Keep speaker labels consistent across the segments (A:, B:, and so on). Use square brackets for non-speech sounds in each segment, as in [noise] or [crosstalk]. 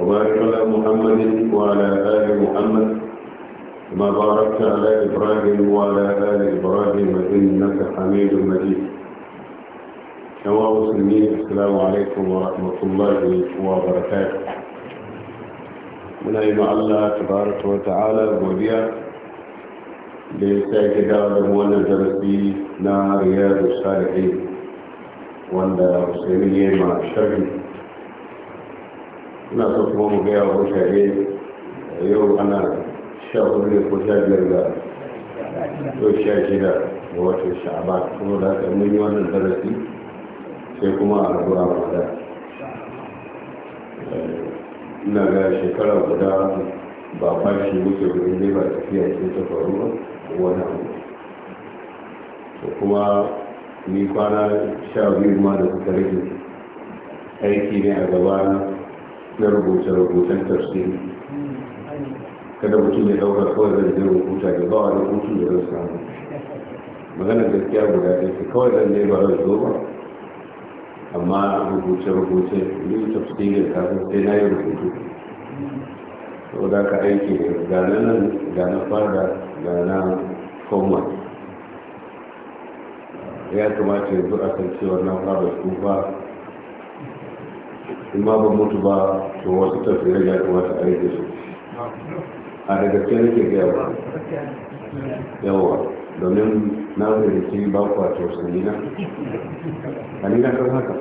A: وبارك على محمد وعلى آل محمد كما باركت على إبراهيم وعلى آل إبراهيم إنك حميد مجيد كما مسلمين السلام عليكم ورحمة الله وبركاته من أي الله تبارك وتعالى وديا ليساك داود موانا درسي نار رياض الصالحين وانا مسلمين مع الشرق ina so kuma mu gaya wa mutane yau ana sha hudu ne ko sha biyar ga to sha shida ga watan sha'aba kuma da haka mun yi wannan darasi sai kuma a rabu ramada ina ga shekara guda ba fashi muke wurin ne ba tafiya ce ta faru ba wani abu to kuma ni kwana sha biyu ma da suka rage aiki ne a gabana na rubuce-rubucen tafsir kada mutum ya dauka kawai zan je rubuta da ba wani rubutu da zai samu magana gaskiya guda ɗaya ce kawai zan je ba zan zo ba amma rubuce-rubuce ni tafsirin kafin sai na yi rubutu sau da ka aiki ne gane nan gane fada na koma ya kamata yanzu a san cewa na fara tsufa in ba ban mutu ba to wasu tafiyar ya kamata ta aiki su a da gaske ke gaya ba yawa domin na fahimci ba kwa tausayi na a ni na kan haka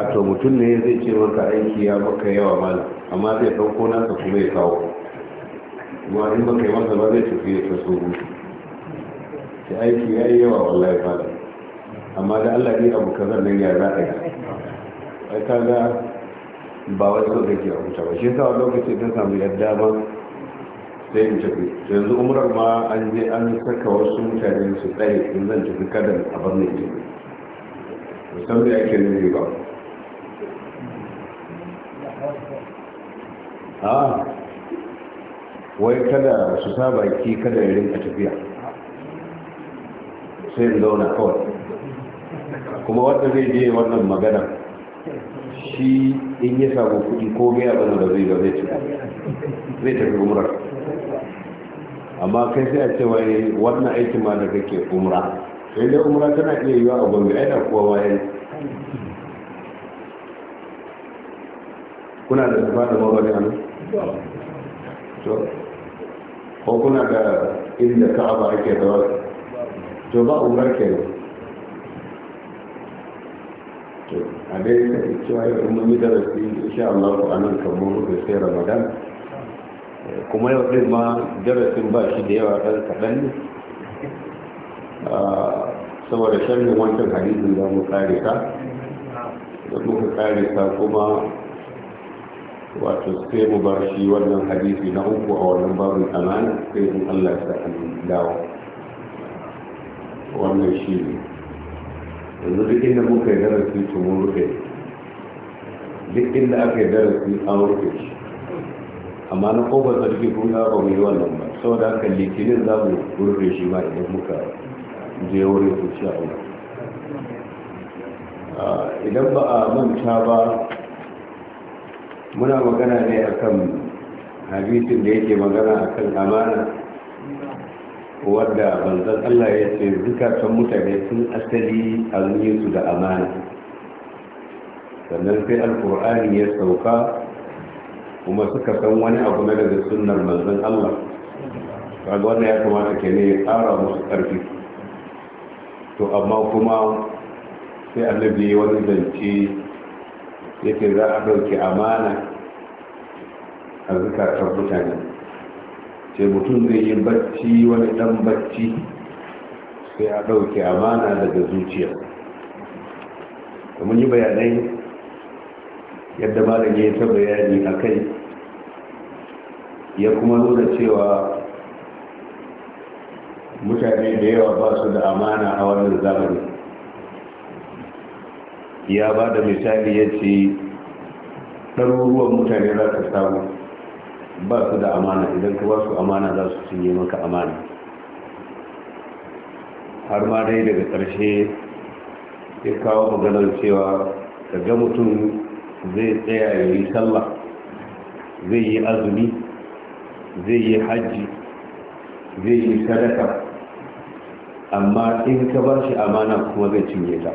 A: a to mutum ne zai ce maka aiki ya maka yawa mala amma zai ɗauko nasa kuma ya kawo kuma in baka yi masa ba zai tafiye ta so gudu ta aiki ya yi yawa wallahi ba amma da allah ne abu kazan nan ya za a yi ai kaga ba wasu so ke a huta ba shi yasa a lokacin ta samu yadda ba sai in tafi yanzu umrar ma an je an saka wasu mutane su tsaye in zan tafi kada a bar ni tafi musamman da ake nufi ba a wai kada su saba ki kada ya a tafiya sai in zauna kawai kuma wanda zai je wannan magana shi in ya samu kuɗi ko gaya bane ba zai ba zai ci zai tafi umra amma kai sai a ce wai wannan aiki ma da kake umra sai dai umra tana iya yiwa a gombe aina da kuwa waye kuna da zuba da mawani a nan ko kuna da inda ka'aba ake tawar? to ba umra kenan to a dai ka cewa yau mun yi darasi insha Allah ko anan kamar da sai Ramadan kuma yau din ma darasin ba shi da yawa dan kadan ne saboda sharhin wancan hadisin da mu kare ka da muka kare ka kuma wato sai mu bar shi wannan hadisi na uku a wannan babin amana sai in Allah ya sa dawo wannan shi ne yanzu duk inda muka yi darasi to mun rufe duk inda aka yi darasi an rufe shi amma na kofar sarki kun ga ba mu yi wannan ba da haka litinin za mu rufe shi ma idan muka je wurin su ci a idan ba a manta ba muna magana ne akan hadisin da yake magana akan amana wadda manzan Allah ya ce zukatan mutane sun asali a da amana sannan sai alkur'ani ya sauka kuma suka san wani abu na daga sunnar manzan Allah kaga wannan ya kamata ke ne ya tsara musu ƙarfi to amma kuma sai annabi ya wani zance yake za a ɗauki amana a zukatan mutane ce mutum zai yi bacci wani ɗan bacci sai a ɗauke amana daga zuciya kamar yi bayanai yadda malami ya yi ta bayani a kai ya kuma nuna cewa mutane da yawa ba su da amana a wannan zamani ya ba da misali ya ce ɗaruruwan mutane za ta samu ba su da amana idan ka ba su amana za su cinye maka amana har ma dai daga ƙarshe ya kawo maganar cewa ga mutum zai tsaya ya yi sallah zai yi azumi zai yi hajji zai yi sadaka amma in ka ba shi amana kuma zai cinye ta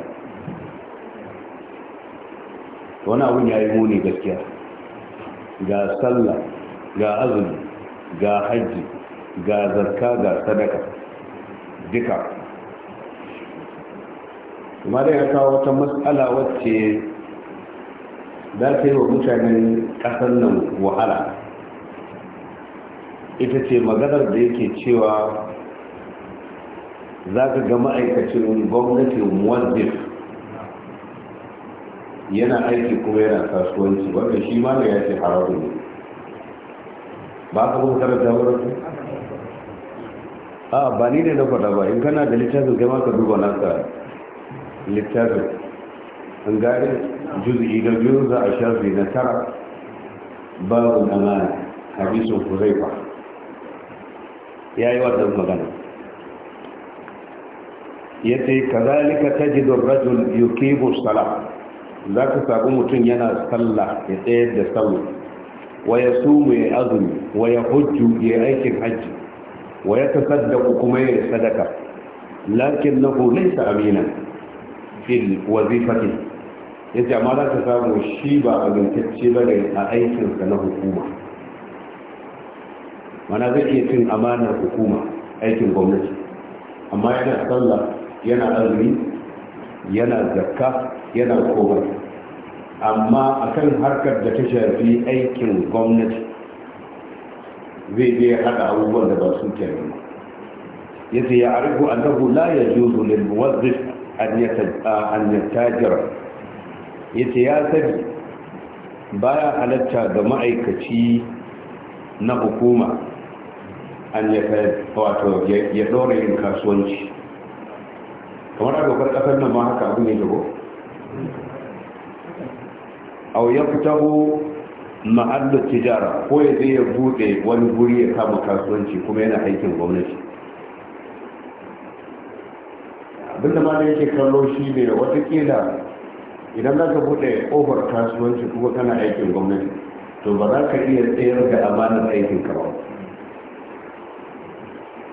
A: wani abun ya yi muni gaskiya ga sallah ga azumi ga hajji ga zarka ga sadaka duka kuma da ya kawo wata matsala wacce za ta yi wa mutanen ƙasar nan wahala ita ce maganar da yake cewa za ka ga ma'aikacin gwamnatin muwazzif yana aiki kuma yana kasuwanci wanda shi ma ya ce haramun ba ka kuma karanta wurin a ba ni ne na faɗa ba in kana da littafin kai ma ka duba naka littafin an gane juzi da biyu za a shafi na tara babu amana zai ba ya yi wata magana ya ce kazalika tajidun yuki bu sala za ka sabu mutum yana sallah ya tsayar da sallah wa ya sumu ya azumi wa ya hujju ya aikin hajji wa ya tasaddaku kuma ya sadaka lakin lahu laysa amina fil wazifati ce, amma za samu shi ba amintacce ba ne a aikinsa na hukuma mana zai iya cin amanar hukuma aikin gwamnati amma yana sallah yana azumi yana zakka yana komai. amma akan harkar da ta shafi aikin gwamnati zai je ya haɗa abubuwan da ba su kenan ya ce ya arifu annahu la ya juzu lil muwazzif an yatajira ya ce ya sani baya halatta ga ma'aikaci na hukuma an ya ɗora yin kasuwanci kamar abokan ƙasar nan ma haka abin ya jago au ya fitahu ma'allu tijara ko ya zai ya bude wani guri ya kama kasuwanci kuma yana aikin gwamnati abinda ma da yake kallo shi ne watakila idan za ka bude ƙofar kasuwanci kuma kana aikin gwamnati to ba za ka iya tsayar da amanar aikin ka ba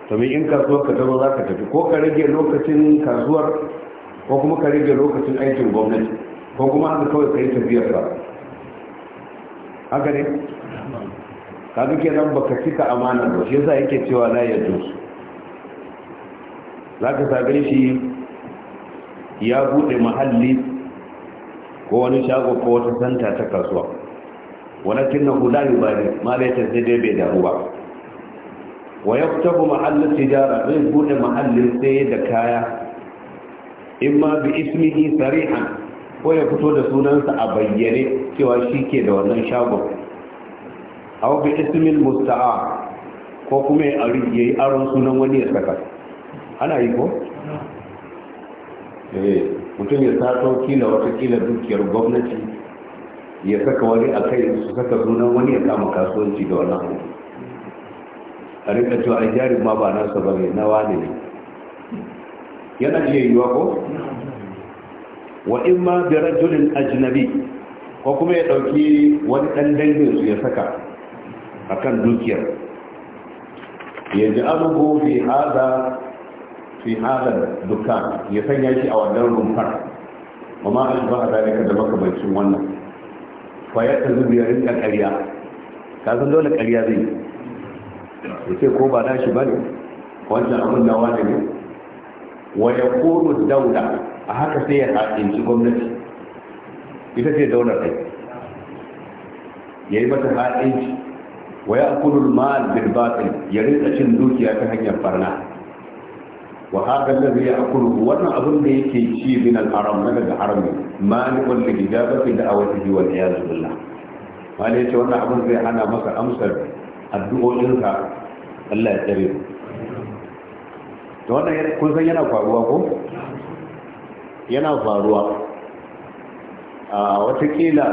A: domin in kasuwar ka zama za ka tafi ko ka rage lokacin kasuwar ko kuma ka rage lokacin aikin gwamnati ko kuma haka kawai ka yi tafiyar ba haka ne Ka nan ba ka cika amana ba shi yasa yake cewa la ya Za ka sagar shi ya bude mahalli ko wani shago ko wata santa ta kasuwa wani na hula yi ne ma da yake sai dai bai damu ba wa ya ku mahallin tijara zai bude mahallin sai da kaya in ma bi ismihi sarihan ko ya fito da sunansa a bayyane cewa shi ke da wannan shagon aw bi ismin musta'a ko kuma ya yi aron sunan wani ya saka ana yi ko eh mutum ya sato kila wata kila dukiyar gwamnati ya saka wani a kai su saka sunan wani ya kama kasuwanci da wannan abu a rika cewa a jari ma ba nasa ba ne na wani ne yana iya yiwa ko wa in ma bi rajulin ajnabi ko kuma ya ɗauki wani ɗan dangin su ya saka a kan dukiyar ya ji abubu fi hada fi hada dukkan ya sanya shi a wannan rumfar amma an ba a ka da makamancin wannan kwayar ta zubi ya rinka ƙarya ka san dole ƙarya zai yi ya ce ko ba na shi ba ne wancan abin nawa ne ne wa ya koro dauda a haka sai ya haɗinci gwamnati ita ce daular aiki ya yi mata ha'inci wa ya kudul ma'al bil batil ya rinka cin dukiya ta hanyar farna wa haka da zai akulu wannan abin da yake ci min al-haram na daga harami gida ba ijabati da awatihi wal iyaz billah ya ce wannan abin zai hana masa amsar addu'o'inka Allah ya tsare to wannan kun san yana faruwa ko yana faruwa a watakila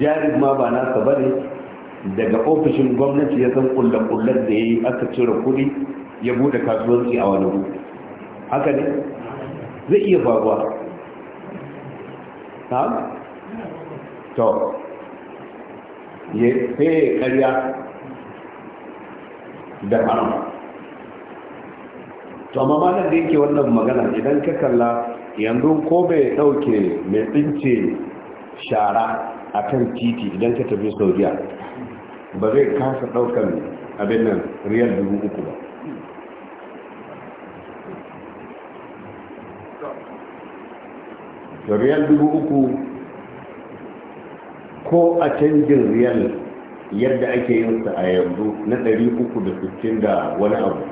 A: jarin ma ba nasa bane daga ofishin gwamnati ya san kullakullar da ya yi aka cire kuɗi ya bude kasuwanci a wani wuri haka ne zai iya faruwa ta? to ya sai karya da haram to amma malar da yake wannan magana idan ka kalla yanzu ko bai dauke mai tsince shara a kan titi idan ka tafi saudiya ba zai kasa daukan abin nan riyar dubu uku ba riyal dubu uku ko a canjin riyal yadda ake yin sa a yanzu na ɗari uku da sittin da wani abu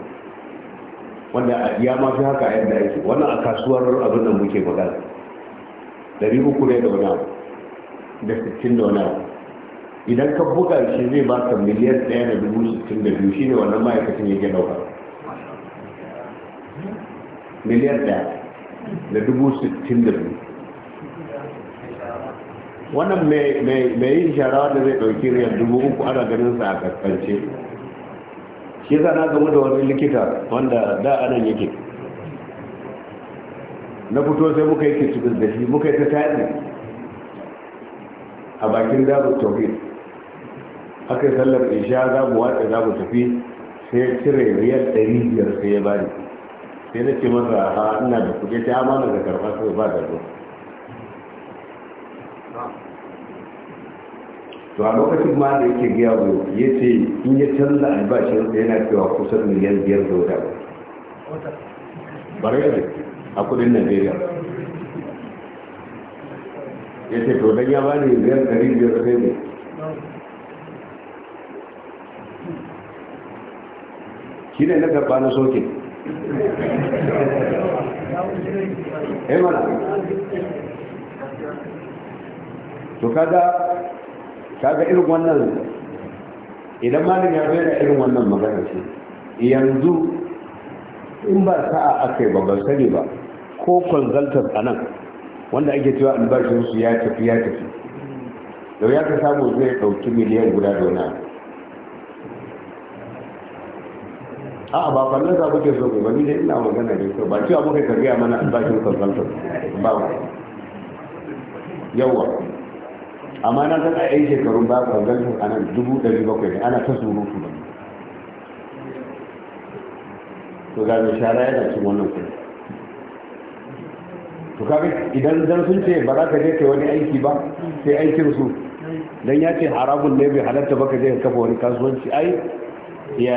A: wanda ya ma fi haka yadda ake wannan a kasuwar abin da muke magana ɗari uku ne da wani abu da sittin da wani abu idan ka buga shi zai baka miliyan ɗaya da dubu sittin da biyu ne wannan ma'aikacin yake ɗauka miliyan ɗaya da dubu sittin da biyu wannan mai yin shara wanda zai ɗauki riyar dubu uku ana ganin sa a kaskance shi na gama da wani likita wanda da anan yake na fito sai muka yi cikin da shi muka yi ta tari a bakin darul tauhid aka yi sallar isha za mu watsa za mu tafi sai ya cire riyal ɗari biyar sai ya bani sai na ce masa ha ina da kuɗi ta amana da karɓa sai ba da zo to a lokacin ma da yake gaya wa ya ce in ya canza albashinsa yana cewa kusan miliyan biyar da wadda bare da a kudin najeriya ya ce to dan ya ba biyar ɗari biyar sai ne shi ne na karɓa na soke eh mana to kaga kaga irin wannan idan malin ya bai da irin wannan magana ce yanzu in ba sa'a aka yi babban sani ba ko consultant a nan wanda ake cewa albashinsu ya tafi ya tafi da ya ka samu zai ɗauki miliyan guda da wani a ba kwallon za kuke so ku bani dai ina magana da kyau ba cewa muka karbiya mana albashin consultant ba yawa amma na san a yi shekarun ba consultant a nan dubu ɗari bakwai ne ana ta surutu ba to ga mai shara yana cin wannan kuɗi to kaga idan dan sun ce ba za ka je kai wani aiki ba sai aikin su dan ya ce haramun ne bai halatta ba ka je ka kafa wani kasuwanci ai ya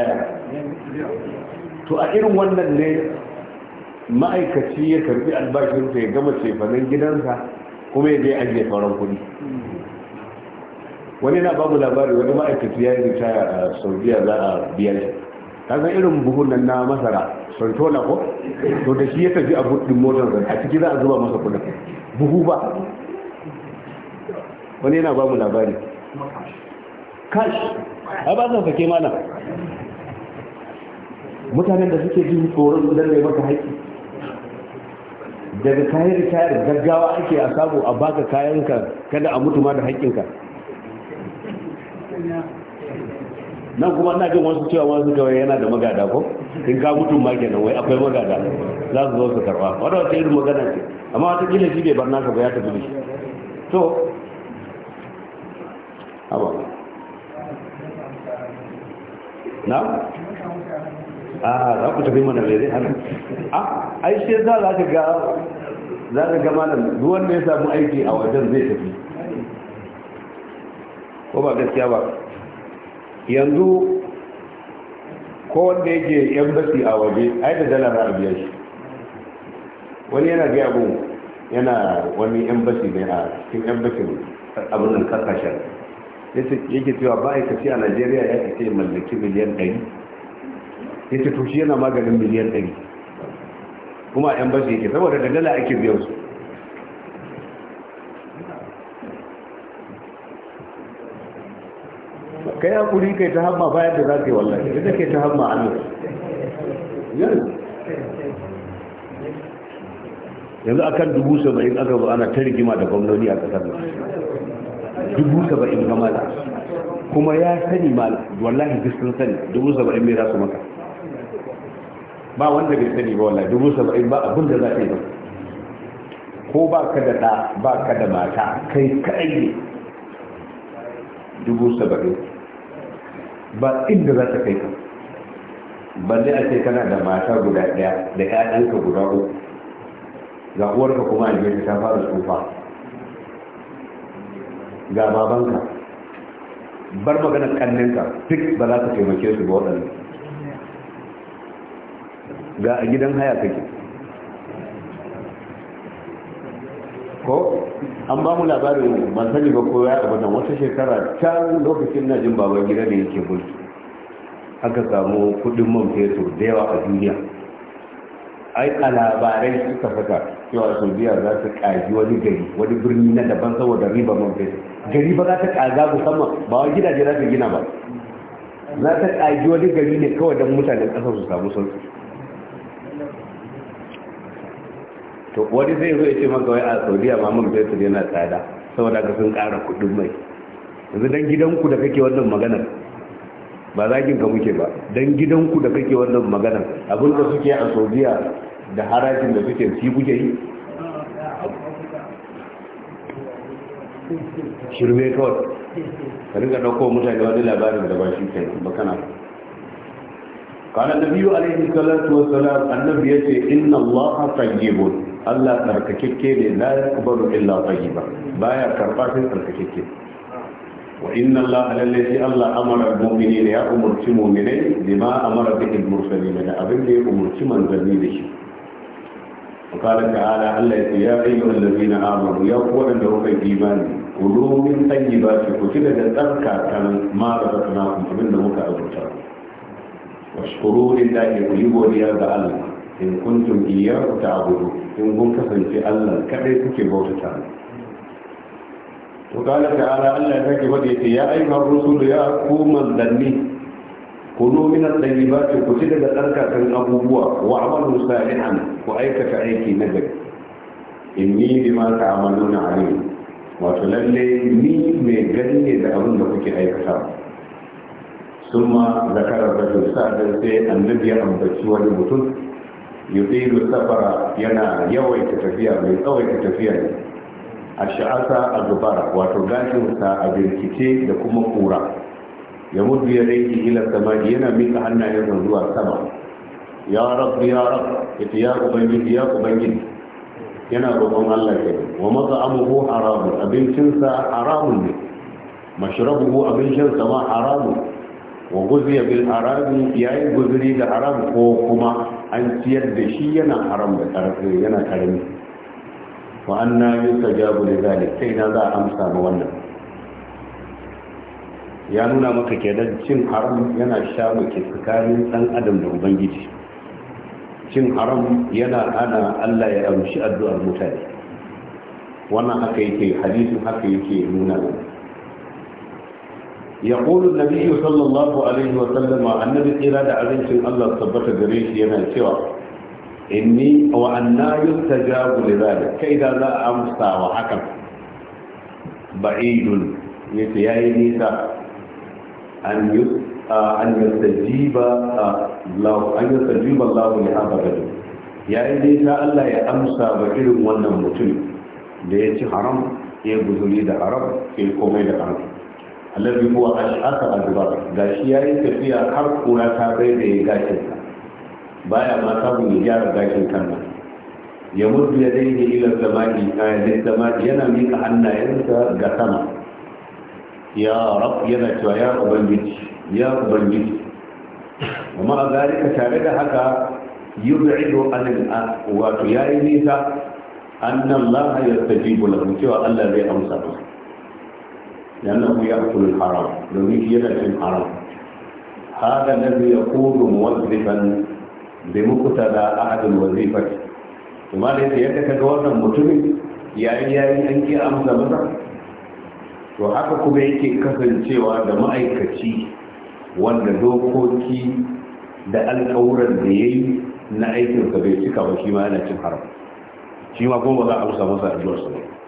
A: to a irin wannan ne ma'aikaci ya karbi albashin ya gama cefanen gidansa kuma ya je ajiye sauran kuɗi wani na babu labari wani ma'aikaci ya yi ritaya a saudiya za a biya shi kaga irin buhun nan na masara sun tona ko to da shi ya tafi a buɗin motar a ciki za a zuba masa kula. buhu ba wani yana ba mu labari kash a ba zan fake mana mutanen da suke
B: jin tsoron idan mai maka haƙƙi
A: daga kayan ritayar gaggawa ake a samu a baka kayanka kada a mutu ma da haƙƙinka nan kuma ina jin wasu cewa wasu kawai yana da magada ko in ka mutu ma kenan wai akwai magada za su zo su karba wanda wata irin magana ce amma wata kila shi bai bar naka ba ya tafi da shi to haba na a za ku tafi mana mai zai hana a ah, ai shi za za ka ga za ka ga malam duk wanda ya samu aiki a wajen zai tafi ko ba gaskiya ba yanzu ko wanda yake yan basi a waje ai da dala na biya shi wani yana ga abu yana wani yan basi ne a cikin yan basin abin nan kasashen yake cewa ba a kaci a najeriya ya kace mallaki miliyan 100 ya ce to shi yana maganin miliyan 100 kuma yan basi yake saboda da dala ake biya su kai hakuri kai ta hamma bayan da za ka yi wallahi ita ke ta hamma nan yanzu a kan dubu saba'in aka zo ana ta rigima da gwamnoni a ƙasar nan dubu saba'in kama da kuma ya sani ma wallahi duk sun sani dubu saba'in mai za su maka ba wanda bai sani ba wallahi dubu saba'in ba abin da za ka yi ko ba ka da ɗa ba ka da mata kai kai dubu saba'in ba inda za ta kai ka balle a ce kana da mata guda ɗaya da ƴaƴanka guda uku ga uwarka kuma a gefe ta fara tsufa ga babanka bar magana kanninka duk ba za ta taimake su ba waɗanda ga a gidan haya kake ko an ba mu labarin ban sani ba kowa a wannan wata shekara can lokacin na jin baban gida da yake mulki aka samu kudin man fetur da yawa a duniya ai a labarai suka saka cewa saudiya za ta kaji wani gari wani birni na daban saboda riba man fetur gari ba za ta kaza musamman ba wani gidaje za ta gina ba za ta kaji wani gari ne kawai don mutanen ƙasar su samu sauki to wani zai zo ya ce maka wai a saudiya ma mun bai su na tsada saboda ka sun ƙara kuɗin mai yanzu dan gidanku da kake wannan maganar ba zagin ka muke ba dan gidanku da kake wannan maganar abin da suke a saudiya da harajin da suke shi kuke yi shirme kawai ka rinka ɗauko mutane wani labarin da ba shi kai ba kana قال النبي عليه الصلاة والسلام النبي يقول إن الله طيب Allah tsarkakekke ne la yaqbalu illa tayyiba baya karba sai tsarkakekke wa inna Allah lalle shi Allah amara mu'minin ya umurci mu'minai bima amara bihi al-mursalin da abin da ya umurci manzanni da shi وقال تعالى الله يا أيها الذين آمنوا يا قوة لهم الإيمان كلوا من طيبات كتب تركا كان ما رزقناكم فمن مكة أبوتا واشكروا لله ويبوا لي هذا الله إن كنتم إياه تعبدون in kun kasance Allah kadai kuke bautata to kana ala Allah ya sake wadi yace ya a rusul ya ku manzanni kunu min at ku ci daga tsarkakan abubuwa wa amalu salihan ku aikata aiki na gari inni bima ta'maluna alim wato lalle ni mai gani ne da abin da kuke aikata summa zakara rajul sa'dan sai annabi ya ambaci wani mutum yudilu safara yana yawaita tafiya mai tsawaita tafiya ne a sha'asa a zubara wato gashinsa a birkice da kuma kura ya mutu ya daiki ila samani yana mika hannayensa zuwa sama ya rabbi ya rab yace ya ubangiji ya ubangiji yana roƙon Allah ke wa maza amuhu haramun abincinsa haramun ne haramun wa guziya bil ya yayi guzuri da haram ko kuma an ciyar da shi yana haram da karfi yana karami wa anna yusajabu li zalik sai na za a amsa ma wannan ya nuna maka kenan cin haram yana sha muke tsakanin ɗan adam da ubangiji cin haram yana ana Allah ya amshi addu'ar mutane wannan haka yake hadisin haka yake nuna يقول النبي صلى الله عليه وسلم النبي إرادة أذنشن الله ثبت قريش ينا شوى إني وأنا يستجاب لذلك كإذا لا أمسى وحكم بعيد يتياي نيسا أن أن يستجيب الله أن يستجيب الله لهذا الرجل يا نيسا الله يا أمسى بعيد ونمتن ليتي حرام يبذلي ده حرام في الكومي ده حرام الذي هو أشعر أجبر غاشي أي تفيا حرق ولا تابي دي غاشي بايا ما تابي يجار غاشي كنا يمد يديه إلى السماء آية للسماء ينميك أن ينسى غسما يا رب ينسى يا رب يا رب الجيش ذلك تابد حكا يبعد عن الأقوات يا إليسا أن الله يستجيب له سوى الله بأمسابه لأنه يأكل الحرام لأنه لذلك في الحرام هذا الذي يقول موظفا بمقتضى أحد الوظيفة ثم ليس يدك جوانا متمي يا يا أنك أمس مزا وحكا كما كفل سوى دمائي كتي wanda دو كوتي دا da ya نأيك الكبير aikinsa وشيما أنا تنحرم شيما قوم yana cin haram shi ma kuma ba za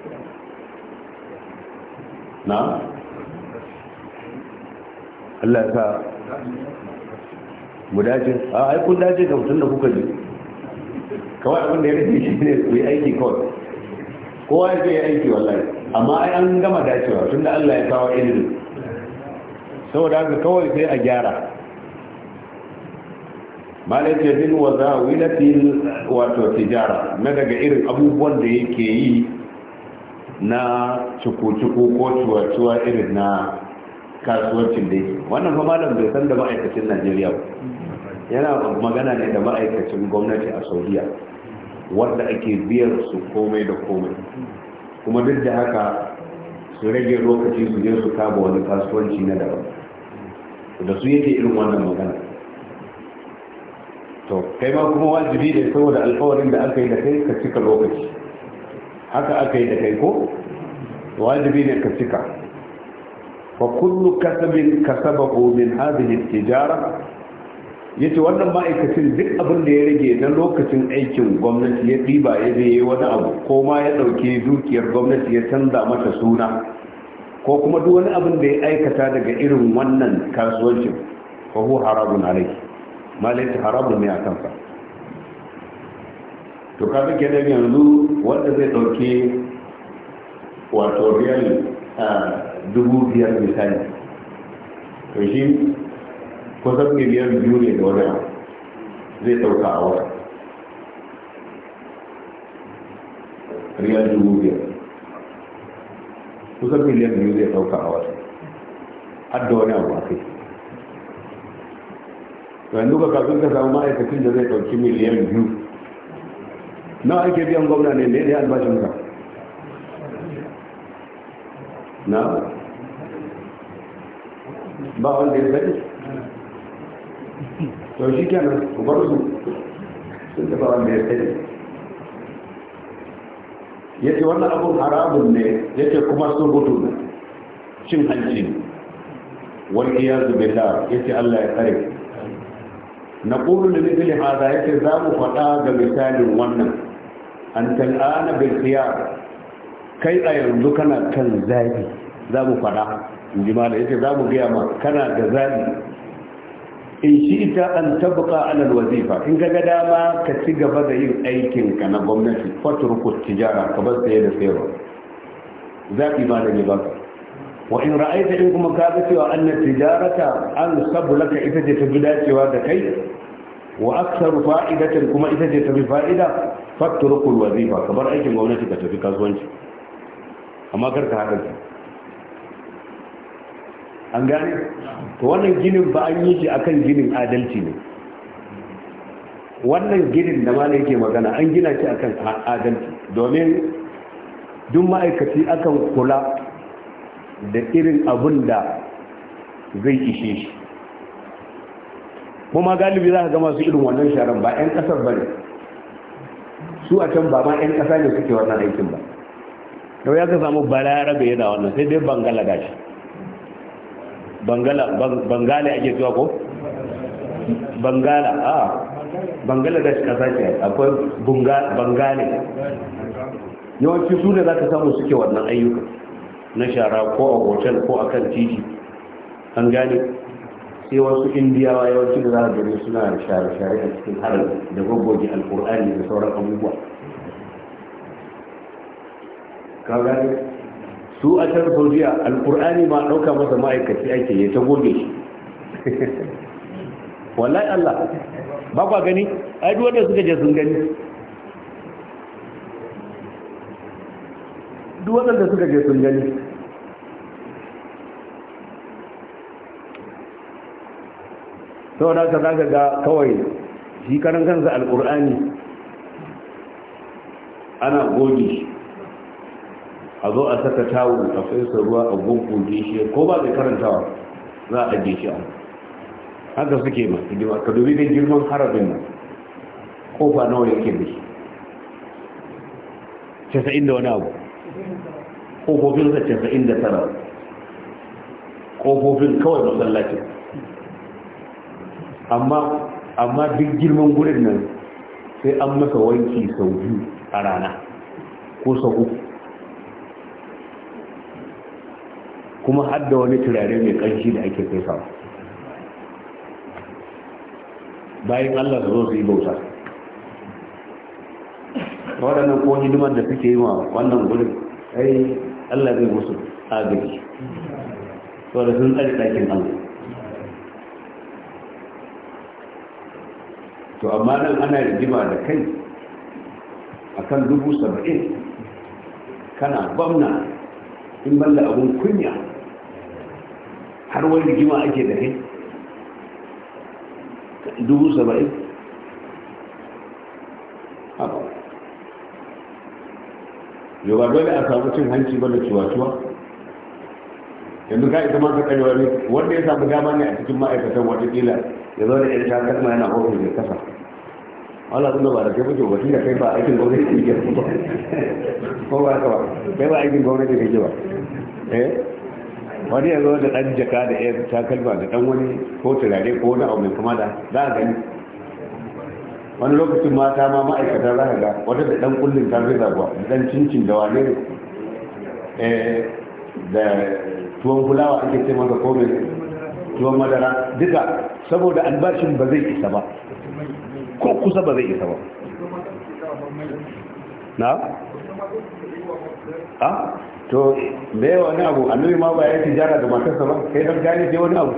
A: na Allah ya sa mu dace a aikun dace ga mutum da kuka ji kawai abin da ya rage shi ne su yi aiki kawai kowa ya ce ya aiki wallahi amma ai an gama dacewa tunda Allah ya kawo ilimin saboda haka kawai sai a gyara malai ce bin wa zawilatil wato tijara na daga irin abubuwan da yake yi na cuku-cuku ko cuwa-cuwa irin na kasuwancin da yake wannan kuma malam bai san da ma'aikacin najeriya ba yana magana ne da ma'aikacin gwamnati a saudiya wanda ake biyar su komai da komai kuma duk da haka su rage lokaci su je su kaba wani kasuwanci na daban da su yake irin wannan magana to kai ma kuma wajibi ne saboda alkawarin da aka yi da kai ka cika lokaci haka aka yi da kai ko wajibi ne ka cika fa kullu kasabin kasabahu min hadhihi tijara yace wannan ma'aikacin duk abin da ya rage na lokacin aikin gwamnati ya diba ya je wani abu ko ma ya ɗauki dukiyar gwamnati ya canza mata suna ko kuma duk wani abin da ya aikata daga irin wannan kasuwancin fa huwa haramun alayhi ma haramun ne a kansa to kaga kenan yanzu wanda zai dauke wato riyal dubu biyar misali to shi kusan miliyan biyu ne da wani zai dauka a wata riyal dubu biyar kusan miliyan biyu zai dauka a wata har da wani abu a kai yanzu ka kafin ka samu ma'aikacin da zai dauki miliyan biyu na ake biyan gwamna ne ne albashin ka na ba wanda ya sani to shi kenan ku bar su sun da ba wanda ya sani ya ce wannan abun haramun ne ya ce kuma sun gudu ne cin hanci wani wani iya da ya ce allah ya tsare na ƙuru da mithili haza ya ce za mu faɗa ga misalin wannan an tal'ana bilkiyar kai a yanzu kana kan zabi za mu fada inji ma da ita za mu gaya ma kana da zabi in shi ita an tabbata alal wazifa in ga dama ka ci gaba da yin aikin ka na gwamnati faturku tijara ka bar tsaye da sayarwa zabi ma da ne ba wa in ra'aita in kuma ka ga cewa anna tijarata an sabulaka ita ce ta bi dacewa da kai wa aksaru fa'idatan kuma ita ce ta bi fa'ida fatturukul wazifa kamar aikin gwamnati ka tafi kasuwanci amma karka haɗarsa an gane to wannan ginin ba an yi shi akan ginin adalci ne wannan ginin da ma yake magana an gina shi akan adalci domin duk ma'aikaci akan kula da irin abin da zai ishe shi kuma galibi za ka gama su irin wannan sharan ba 'yan kasar ba ne su a can ba ma 'yan ƙasa ne suke wannan aikin ba yau ya ka samu balarabe yana wannan sai dai bangala gashi bangala ake zuwa ko bangala a bangala gashi ƙasa ce akwai bangale yawanci su ne za ka samu suke wannan ayyuka na shara ko a hotel ko a kan titi an gane sai wasu indiyawa yawanci da za a gani suna share-share a cikin harin da gwaggwaje alkur'ani da sauran abubuwa kagani su a can saudiya alkur'ani ma ɗauka masa ma'aikaci ake ya ta goge shi [laughs] wallahi allah ba kwa gani ai duk wanda suka je sun gani duk wanda suka je sun gani sau da ka zaga ga kawai shi karan kansa alkur'ani ana godi a zo a saka tawo a fesa ruwa a gungunje shi ko ba zai karantawa za a je shi a haka suke ma hidima ka dubi da girman harabin nan ba nawa yake da shi casa'in da wani abu kofofinsa casa'in da tara kofofin kawai masallacin amma duk girman gurin nan sai an masa wanki sau biyu a rana ko sau uku kuma hadda wani turare mai ƙanshi da ake kai sawa bayan allah da zo su yi bauta waɗannan ko hidimar da suke yi wa wannan gurin ai allah zai musu agaji saboda sun tsari ɗakin allah to amma nan ana rigima da kai akan dubu saba'in kana gwamna in balla abun kunya har wani rigima ake da kai dubu saba'in yau ba dole a samu cin hanci ba da ciwa yanzu ka ita ma ka karewa ne wanda ya samu dama ne a cikin ma'aikatan watakila ya zo da yan shakar ma yana ofis ya kasa wala tunda ba da kai fito ba tunda kai ba aikin gwamnati kake ba ko ba ka ba kai ba aikin gwamnati kake ba eh wani ya zo da ɗan jaka da ya kalma da ɗan wani ko turare ko wani abu mai kama da za a gani wani lokacin mata ma ma'aikata za ka ga wata da ɗan kullum ta zai zaguwa da ɗan cincin da wane eh, da tuwon fulawa ake ce masa kome tuwon madara duka saboda albashin ba zai isa ba
C: ko kusa ba zai isa ba na? a? to da yawa wani abu annabi ma ba ya tijara da matarsa ba kai don gane ke wani abu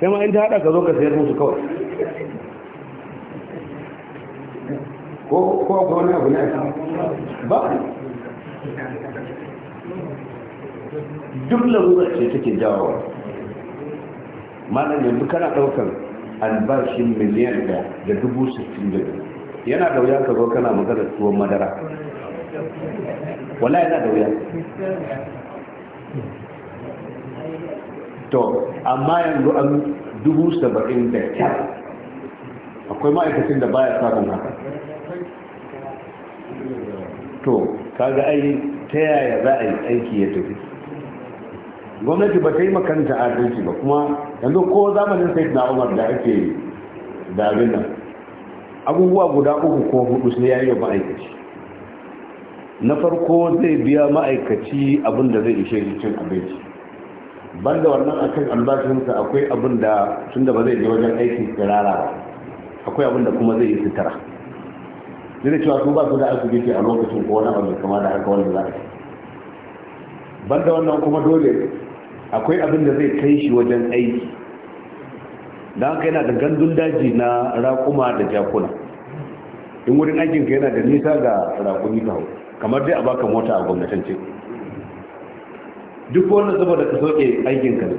A: sai ma in ta hada ka zo ka sayar musu kawai
C: ko ko wani abu ne ba duk larura ce
A: take jawo malam yanzu kana ɗaukar albashin miliyan da da dubu sittin da yana da wuya ka zo kana maganar tuwon madara
C: wala yana da wuya
A: to amma yanzu an dubu saba'in da kyar akwai ma'aikacin da baya sabon haka to kaga ai ta yaya za a yi aiki ya tafi gwamnati ba ta yi makanta adalci ba kuma yanzu ko zamanin sai na umar da ake da nan abubuwa guda uku ko hudu sai ya yi wa ma'aikaci na farko zai biya ma'aikaci abin da zai ishe shi cin abinci Ban da wannan a kan albashinsa akwai abin da tun da ba zai je wajen aikin kirara akwai abin da kuma zai yi sutura zai cewa su ba su da asibiti a lokacin ko wani abu kama da haka wanda za a yi da wannan kuma dole akwai abin da zai kai shi wajen aiki da haka yana da gandun daji na rakuma da jakuna in wurin aikinka yana da nisa ga rakuni ka hau kamar dai a baka mota a gwamnatance duk wannan saboda ka soke aikinka ne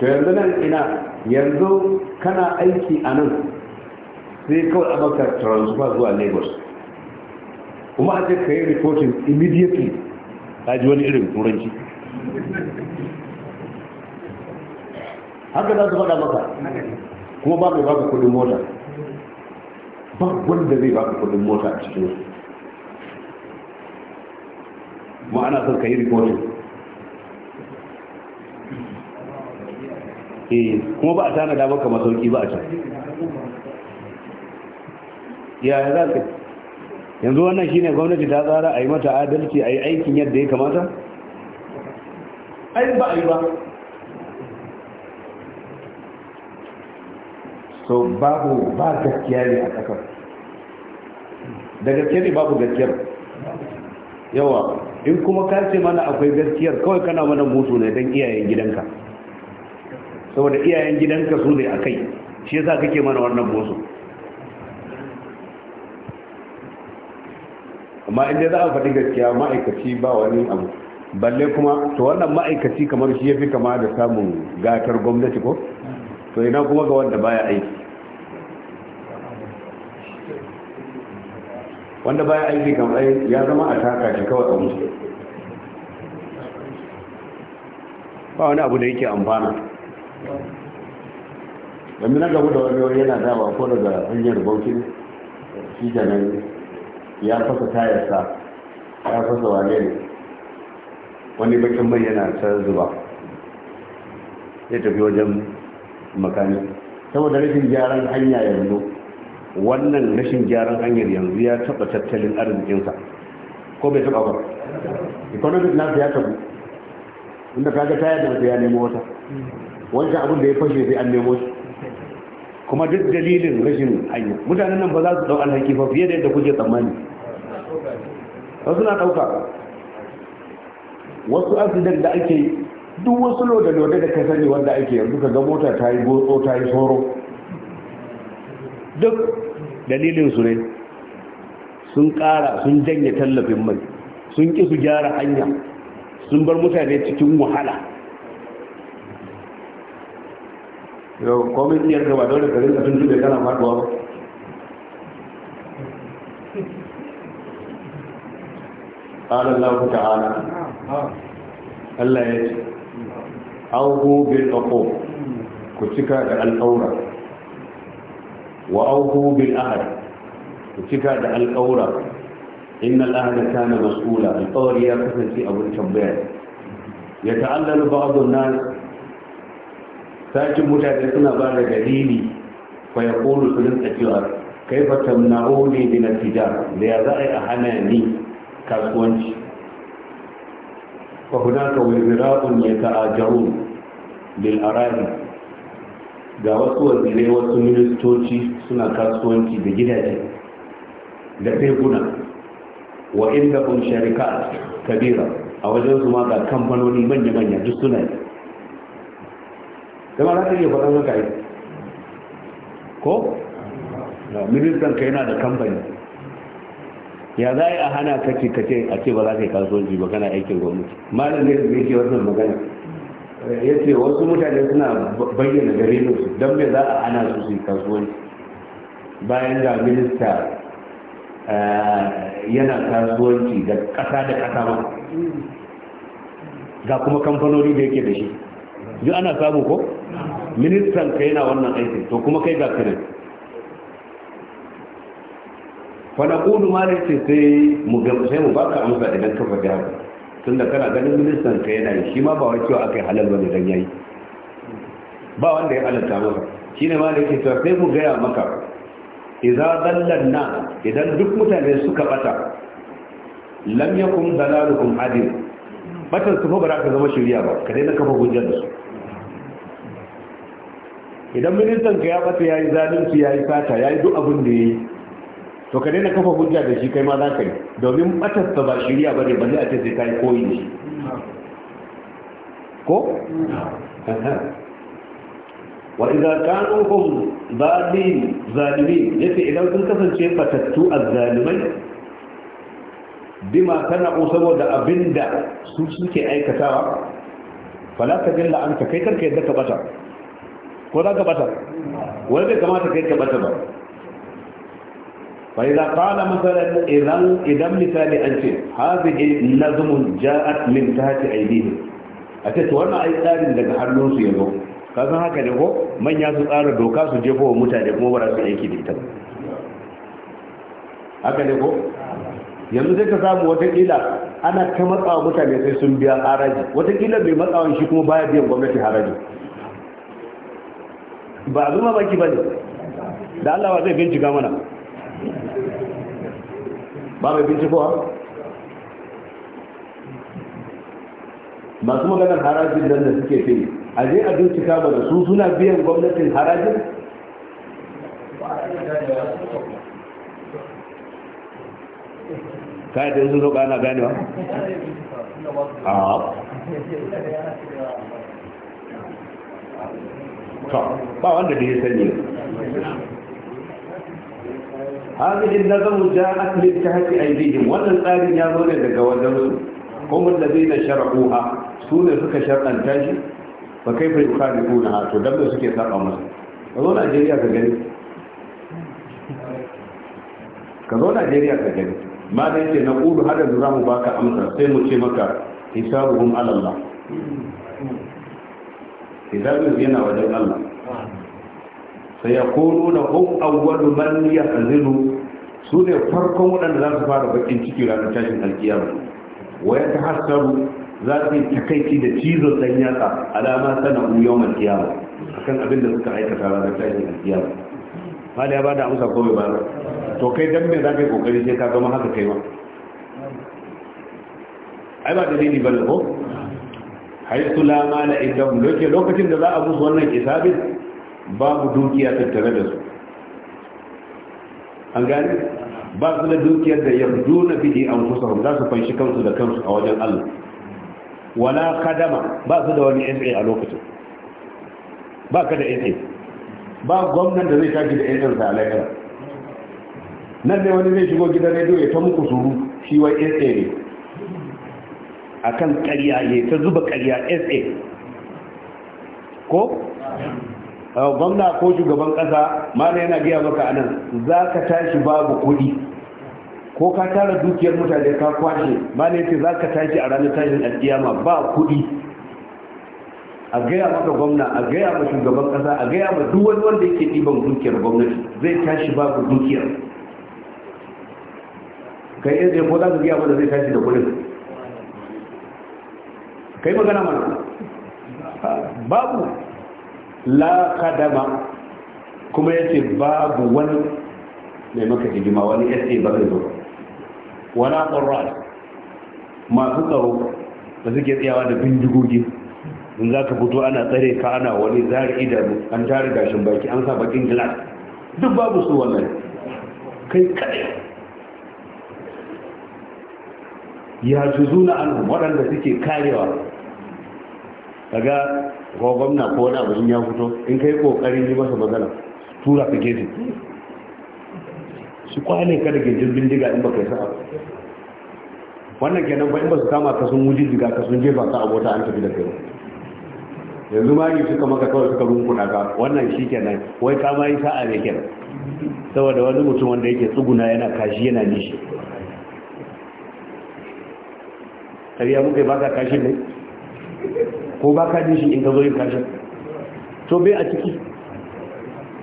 A: to yanzu nan ina yanzu kana aiki a nan sai kawai a baka transfer zuwa lagos kuma a ce ka yi reporting immediately kaji wani irin turanci
C: haka za
B: su faɗa maka
A: kuma ba mai baka kudin mota ba wanda zai baka kudin mota a cikin su ma ana son ka yi rikotin
C: eh kuma ba a tana da maka masauki ba a can
A: yaya za ka yanzu wannan shine gwamnati ta tsara a yi mata adalci a yi aikin yadda ya kamata?
B: ai ba a yi ba
A: so babu ba gaskiya ne a ƙasar da gaskiya ne babu gaskiyar yawa in kuma ka ce mana akwai gaskiyar kawai kana mana mutu ne don iyayen gidanka saboda iyayen gidanka su ne a kai shi yasa kake mana wannan musu? amma inda za a faɗi gaskiya ma'aikaci ba wani abu balle kuma to wannan ma'aikaci kamar shi ya fi kama da samun gatar gwamnati ko to ina kuma ga wanda baya aiki
C: wanda baya aiki kamar ya zama a taka shi kawai a musu
A: ba wani abu da yake amfana yanzu na gabu da wani yana dawa ko daga hanyar bauchi shi janayi ya fasa tayarsa ya fasa wane ne wani bakin mai yana ta zuba ya tafi wajen makani saboda rashin gyaran hanya yanzu wannan rashin gyaran hanyar yanzu ya taba tattalin arzikinsa ko bai taba ba economic nasu ya tabu inda kaga tayar da ya nemo wata wancan abin da ya fashe sai an nemo shi kuma duk dalilin rashin hanya mutanen nan ba za su dau alhaki ba fiye da yadda kuke tsammani wasu na ɗauka wasu asidan da ake duk wasu loda loda da ka sani wanda ake yanzu ka ga mota ta yi gotso ta yi soro duk dalilin su ne sun ƙara sun janye tallafin mai sun ƙi su gyara hanya sun bar mutane cikin wahala yau komai tsiyar ka ba dole ka rinka tun tube kana faduwa ba قال الله تعالى Allah ya ce auhu bil aqub ku cika da al'aura wa auhu bil ahad ku cika da al'aura inna al'ahada kana mas'ula al'auri ya kasance abin tambaya ya ta'allalu ba'dun nas sakin mutane suna ba da dalili fa ya kulu su rinka cewa kai nawo ne da natija da ya za a yi a hana ni kasuwanci fa ya wizra'un yata'ajarun bil aradi ga wasu wazirai wasu ministoci suna kasuwanci da gidaje da teguna wa inda kun sharika kabira a wajen su ma ga kamfanoni manya-manya duk suna yi zama za ka iya faɗan maka yi ko? ministan ka yana da kamfani ya za a hana kake ce ka ce a ce ba za ka yi kasuwanci ba kana aikin gwamnati malam ne da yake wannan magana ya ce wasu mutane suna bayyana gare su don me za a hana su su yi kasuwanci bayan ga minista eh, yana kasuwanci da ƙasa da ƙasa ba ga kuma kamfanoni da yake da shi duk ana samu ko ministan ka yana wannan aikin to kuma kai ga kare fana kudu ma da ce sai mu sai mu baka amsa idan ka faɗi haka tun da kana ganin ministan ka yana yi shi ma ba wai cewa aka yi halal bane dan yayi ba wanda ya halatta maka ne ma da yake cewa sai mu gaya maka idza dallan na idan duk mutane suka bata lam yakun dalalukum hadin batan su fa ba za ka zama shari'a ba ka daina kafa hujjar da su idan ministan ka ya bata yayi zalunci yayi fata yayi duk abin da yayi to ka daina kafa hujja da shi kai ma zaka yi domin ta ba shirya bane bane a ce sai ka koyi shi ko wa idza kanu hum zalimin zalimin yace idan sun kasance fatattu azzalimai bima usabo saboda abinda su suke aikatawa fala ka gilla an ka kai karka yadda ka bata ko za ka bata wani bai kamata kai ka bata ba fa idza qala masalan idan idan misali an ce hadhihi nazmun ja'at min tahti aydihim a ce to wannan ai tsarin daga hannun su yazo ka san haka ne ko manya su tsara doka su jefo wa mutane kuma ba su aiki da ita haka ne ko yanzu sai ka samu watakila ana ta matsawa mutane sai sun biya haraji watakila mai matsawan shi kuma baya biyan gwamnati haraji ba abin baki ba ne da allawa zai bincika mana ba mai bincikowa masu maganar harajin nan da suke fi a je a bincika mana su suna biyan gwamnatin harajin kayan sun roƙa na ganewa
D: a
C: to ba wanda da ya sani
D: هذه
A: النظم جاءت wannan tsarin ya zo ne daga wajensu هم الذين شرعوها سوره suka sharanta shi fa kaifa yukhalifuna to dan da suke saba masa kazo Najeriya ka gani kazo Najeriya ka gani ma dai ce na kudu hada zamu baka amsa sai mu ce maka hisabuhum ala Allah hisabi yana wajen Allah sai ya kono da hum awwalu man yahzilu su ne farkon waɗanda za su fara bakin ciki ranar tashin alkiyama waya ta hasaru za su yi takaici da cizon dan yatsa alama sana u yau A akan abin da suka aikata ranar tashin alkiyama mali ya bada amsa ko bai ba to kai dan me za ka yi kokari sai ka zama haka kai ma ai ba dalili ba ne ko haitu la mala idan loke lokacin da za a musu wannan kisabin babu dukiya tattare da su an gani, ba su da dukiyar da an kusa anfusahum za su fanshi kansu da kansu a wajen Allah wala kadama ba su da wani SA a lokacin ba ka da SA ba gwamnan da zai tafi da SA sa alaƙa nan ne wani zai shigo gidan rediyo ya ta muku suru shi wai SA ne akan ƙarya ya ta zuba ƙarya sa ko gwamna ko shugaban ƙasa mana yana gaya maka anan za ka tashi babu kuɗi ko ka tara dukiyar mutane ka kwashe mana yace za ka tashi a ranar tashin alkiyama ba kuɗi a gaya maka gwamna a gaya ma shugaban ƙasa a gaya ma duk wani wanda yake ɗiban dukiyar gwamnati zai tashi babu dukiyar kai yanzu ko za ka gaya wanda zai tashi da kudin kai magana mana babu la kadama kuma yace babu wani mai maka hidima wani SA ba zai zo wala qurra masu tsaro da suke tsayawa da bindigogi in za ka fito ana tsare ka ana wani zari idanu an tare gashin baki an sa bakin glass duk babu su wannan kai kadai ya juzuna an waɗanda suke karewa kaga ko gwamna ko wani abu in ya fito in kai kokarin yi masa magana tura ka gefe su kwane ka da gindin bindiga in baka yi sa'a wannan kenan ba in ba su kama ka sun wuji diga ka sun jefa ka abota an tafi da kai yanzu ma yi suka maka kawai suka runkuna ka wannan shi kenan wai ka ma yi sa'a ne kenan saboda wani mutum wanda yake tsuguna yana kashi yana nishi kariya muka yi baka kashi ne ko ba ka ji shi in ka zo yin kashin to bai a ciki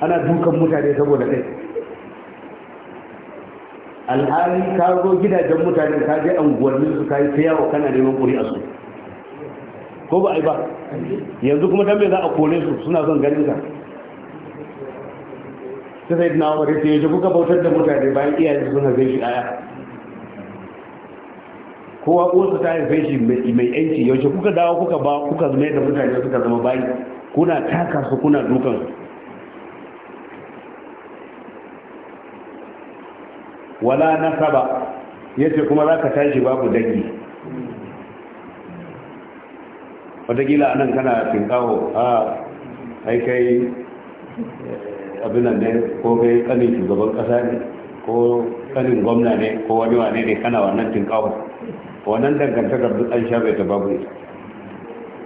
A: ana dukan mutane saboda kai alhali ka zo gidajen mutane ka je anguwannin su ka ta yawo kana neman su ko ba a yi ba yanzu kuma dan me za a kore su suna son ganin ka ta sai na wani sai ya kuka bautar da mutane bayan iyayen su suna zai shi aya kowa uwarsa ta haife shi mai yanci yaushe kuka dawo kuka ba kuka zama da mutane suka zama bayi kuna taka su kuna dukan wala na saba. Ya ce kuma za ka tashi babu dangi watakila anan kana kawo a haikai eh, abinan ne ko kai kanin shugaban kasa ne ko kanin gwamna ne ko wani wane ne kana wannan kawo wannan dangantakar duk an shafe ta babu ita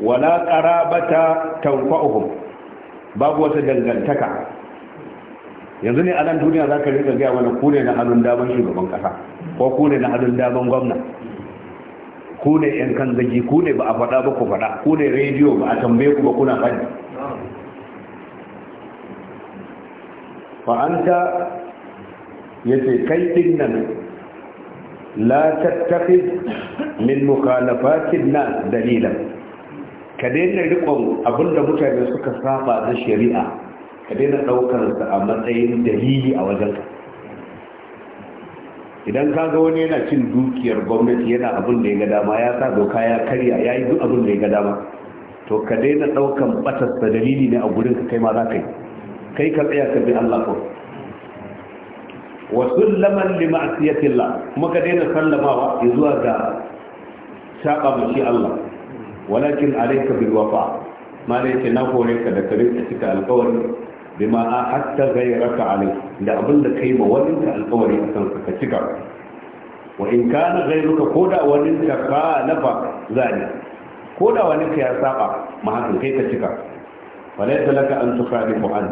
A: wala qarabata tanfa'uhum babu wata dangantaka yanzu ne a nan duniya za ka rika gaya wani kune na hannun daman shugaban kasa ko kune na hannun daman gwamna kune yan kan zaki kune ba a faɗa ba ku faɗa kune rediyo ba a tambaye ku ba kuna faɗi fa anta yace kai dinnan la tattakhid min mukhalafatin na dalilan ka daina rikon abinda mutane suka saba na shari'a ka daina daukar sa a matsayin dalili a wajen ka idan ka ga wani yana cin dukiyar gwamnati yana abin da ya ga dama ya sa doka ya karya ya yi duk abin da ya ga dama to ka daina daukan batas da dalili ne a gurin ka kai ma za ka yi kai ka tsaya ka bi Allah ko wa sullaman li ma'siyatillah kuma ka daina sallamawa zuwa ga shaka mashi Allah walakin alayka bil wafa malai ce na kore ka da kare ka cika alƙawari bima a hatta ghayraka alai da abin da kai ma wani ka alƙawari akan ka cika wa in kana ghayruka koda wani ka khalafa zani koda wani ka ya saba ma hakan kai ka cika walaysa laka an tukhalifu an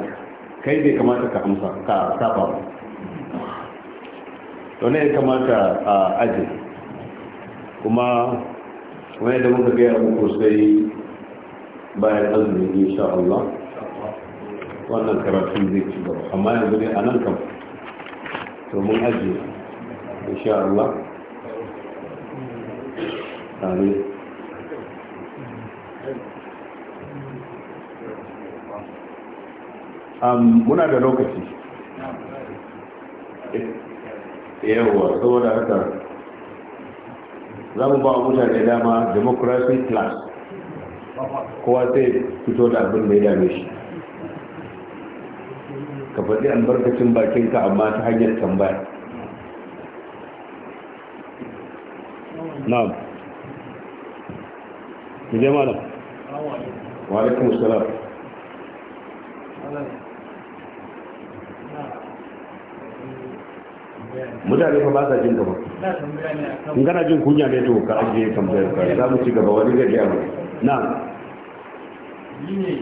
A: kai bai kamata ka amsa ka saba ba to ne ya kamata a aji kuma wani da muka gaya muku sai bayan azumi insha Allah wannan karatun zai ci gaba amma yanzu ne a nan kam to mun aji
C: insha Allah tare
A: muna da lokaci yawa saboda haka za mu ba mutane dama democracy class kowa sai fito da abin da ya dame shi ka faɗi albarkacin bakinka amma ta hanyar tambaya na'am mu je malam wa alaikum salam
C: mutane fa ba sa jin gaba in kana jin kunya ne to ka ajiye tambayar ka za mu ci gaba wani
A: gari yaro na
B: yi ne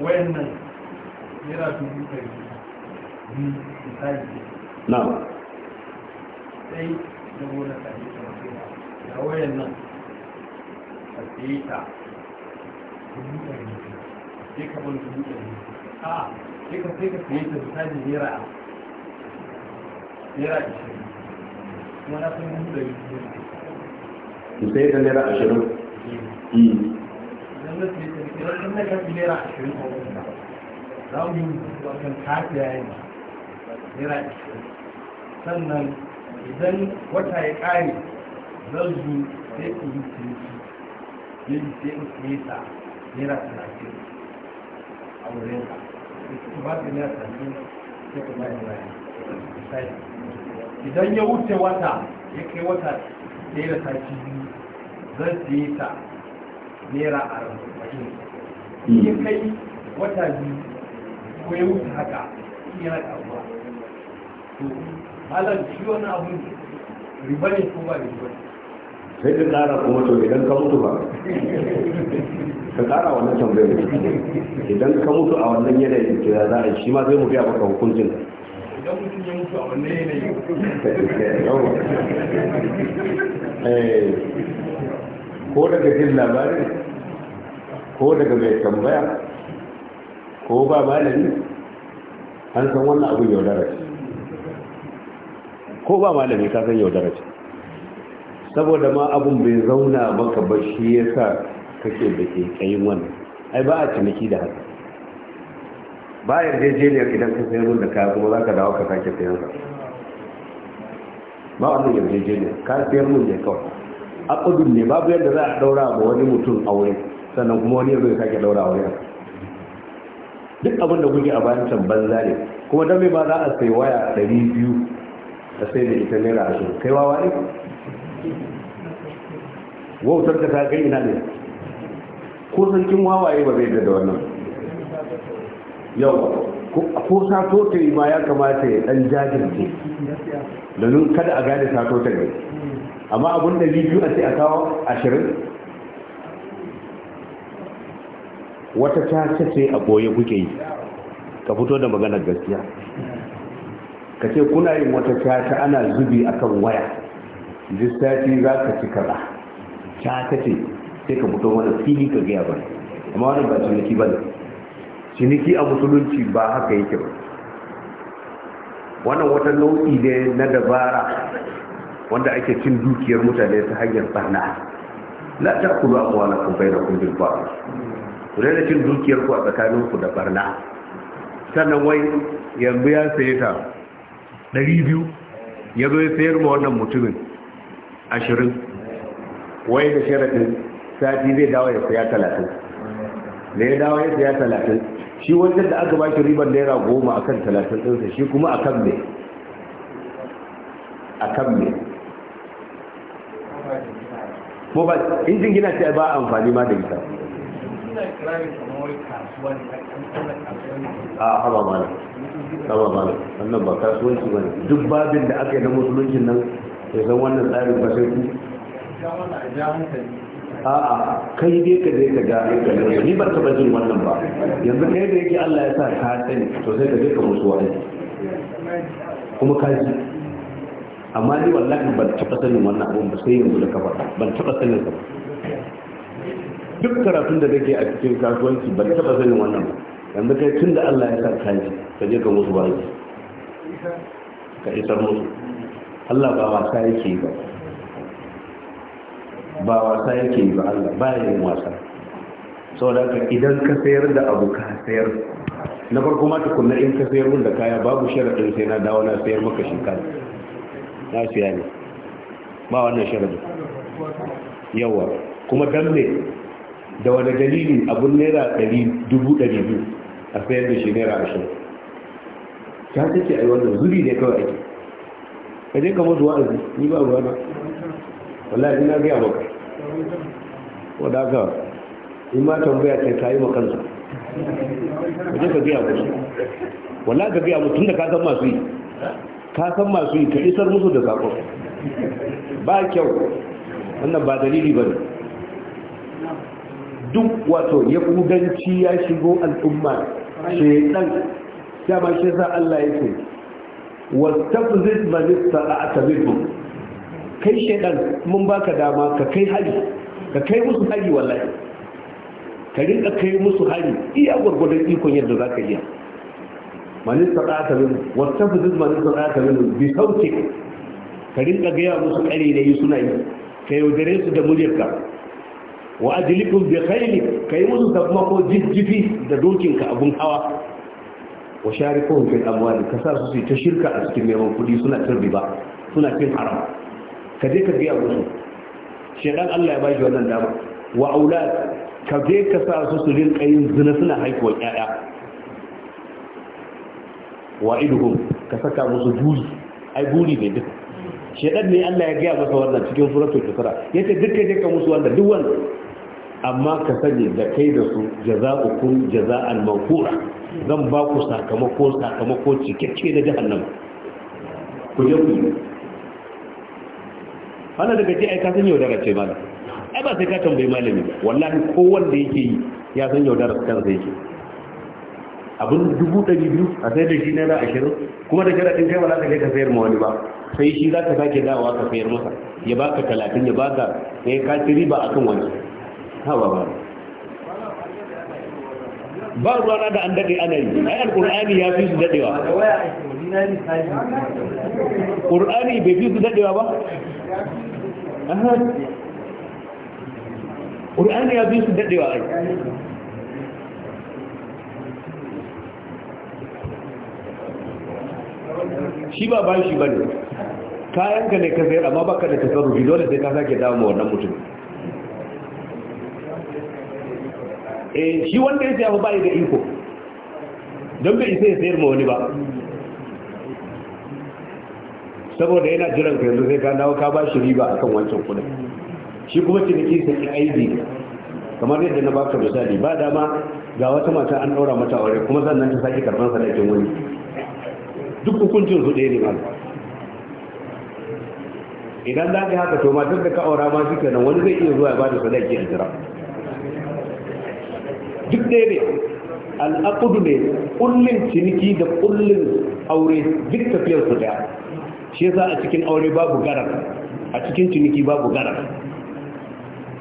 B: wayannan yi dubu ɗari misali na sai da wani tsari da wayannan a tsaye ta dubu ɗari sai ka ban dubu ɗari a ah, sai ka sai ka tsaye ta misali naira naira ashirin kuma na sai da naira ashirin eh. hmm. idan na na ashirin a za mu yi ashirin sannan idan wata ya kare zan zu sai ciniki sai in siye ta naira talatin a wurin ba ta naira talatin sai ku ba ni idan ya wuce wata ya kai wata ɗaya da sashi biyu zan siye ta naira arba'in in kai wata biyu ko ya wuce haka yana ƙaruwa to halar shi wani abu riba ne ko ba riba
A: sai ka kara kuma to idan ka mutu ba ka kara wannan tambayar idan ka mutu a wannan yanayin da za a shi ma sai mu biya maka hukuncin
B: Eh, ko daga jin
A: labarin ko daga mai tambaya ko ba malami an san wannan abin yaudara ce ko ba malami ka san yaudara ce saboda ma abin bai zauna maka ba shi yasa kake da ke tsayin wannan ai ba a ciniki da haka ba yarjejeniyar idan ka sayar da kaya kuma za ka dawo ka sake sayar da ba wannan yarjejeniyar ka sayar mun ne kawai akudun ne babu yadda za a daura ga wani mutum aure sannan kuma wani yanzu ya sake daura aure duk abin da kuke a bayan can banza ne kuma dan mai ba za a sai waya ɗari biyu a sai da ita naira ashirin kai wawa ne wautar ka ta kai ina ne ko sarkin wawaye ba zai da wannan yau ko sato yi ma ya kamata ya dan jajirce domin kada a gane sato ne amma abin da biyu a ce a kawo ashirin wata ta ce a boye kuke yi ka fito da maganar gaskiya ka ce kuna yin wata caca ana zubi akan waya lissafi za ka ci kaza caca ce sai ka fito wani fili ka gaya ba amma wani ba ciniki ba ne ciniki a musulunci ba haka yake ba wannan wata nau'i ne na dabara wanda ake cin dukiyar mutane ta hanyar barna la ta kula a kwana kuma bai da kundin ba ku da cin dukiyar ku a tsakanin ku da barna sannan wai yanzu ya sayi ta 200 ya zo ya sayar ma wannan mutumin 20 wai da sharaɗin sati zai dawo ya saya
D: 30
A: ne ya dawo ya saya talatin? shi wancan da aka baki ribar naira goma akan talatin ɗinsa shi kuma a kan me akan me mobile injin gina ce ba amfani ma da ita
C: a haba mana haba mana wannan ba kasuwanci ba ne
A: duk babin da aka yi na musuluncin nan ya san wannan tsarin ba sai ku
B: a'a
A: kai dai ka je ka ga ni bar ka bajin wannan ba yanzu kai da yake Allah ya sa ka sani to sai ka je ka musu wani kuma ka ji amma ni wallahi ban taba sanin wannan abun ba sai yanzu da ka ba ban taba sanin ka ba duk karatun da kake a cikin kasuwanci ban taba sanin wannan ba yanzu kai tun da Allah ya sa ka ji ka je ka musu wani ka isar musu Allah ba wasa yake ba ba wasa yake yi ba Allah ba yin wasa saboda ka idan ka sayar da abu ka sayar na farko ma tukunna in ka sayar mun da kaya babu sharadin sai na dawo na sayar maka shi na siya ne ba wannan sharadin yawa kuma dan ne da wani dalili abun naira ɗari dubu ɗari biyu a sayar da shi naira ashirin ta take a yi wannan zuri ne kawai ake ka je ka mutu ni ba ruwa na wallahi ina gaya maka wadaka in ma tambaya kai yi wa kansa
C: waje ka gaya musu
A: wala ka gaya musu tunda ka san masu yi ka san masu yi ka isar musu da sakon ba kyau wannan ba dalili ba ne duk wato ya kudanci ya shigo al'umma ce Sha ma shi sa Allah ya ce wasu tafzit manista a atabin kai shaidan mun baka dama ka kai hari ka kai musu hari wallahi ka rinka kai musu hari iya gwargwadon ikon yadda za ka iya manin sadaka min wata fuzin manin sadaka min bi sauke ka rinka gaya musu kare da yi suna yi ka yaudare su da muryarka wa ajlikum bi khayli ka yi musu ko jijjifi da dokinka abun hawa wa sharikuhum fil amwali ka sa su ta shirka a cikin neman kudi suna cin riba suna cin haram ka je ka biya musu shi shekan Allah ya bashi wannan dama wa aulad ka je ka sa su su rin yin zina suna haihuwar ƴaƴa wa iduhum ka saka musu buri ai buri ne duk shedan ne Allah ya gaya masa wannan cikin suratul ya yace duk kaje ka musu wannan duk wannan amma ka sani da kai da su jaza'ukum jaza'an mawqura zan ba ku sakamako sakamako cikakke na jahannama ku je ku wannan daga ce aika ka yaudara ce ba ai ba sai ka tambayi malami wallahi ko wanda yake yi ya san yaudara ta sai yake abin dubu ɗari biyu a sai da shi naira ashirin kuma da ɗin kai ba za ka kai ka sayar ma wani ba sai shi za ka sake dawa ka sayar masa ya ba ka talatin ya baka sai ka ci riba akan wani ha ba ba ba ruwa na da an daɗe ana yi ai
B: alƙur'ani ya fi su daɗewa ƙur'ani
C: bai fi su daɗewa ba
A: ƙur'ani ya fi su daɗewa ai
C: shi ba ba shi ba ne
A: kayanka ne ka sayar amma baka da tasarrufi dole sai ka sake damu wannan mutum eh shi wanda ya saya bai da iko don bai isa ya sayar ma wani ba saboda yana jiran ka yanzu sai ka dawo ka ba shi riba akan wancan kudin shi kuma ciniki sai aibi kamar yadda na baka misali ba dama ga wata mata an daura mata aure kuma sannan ta sake karban sadakin wani duk hukuncin su ɗaya ne ma idan za ka haka to ma, duk da ka aura ma shi kenan wani zai iya zuwa ya ba da sadaki a jira duk ɗaya ne al'akudu ne kullum ciniki da kullum aure duk tafiyar su daya shi yasa a cikin aure babu garar a cikin ciniki babu garar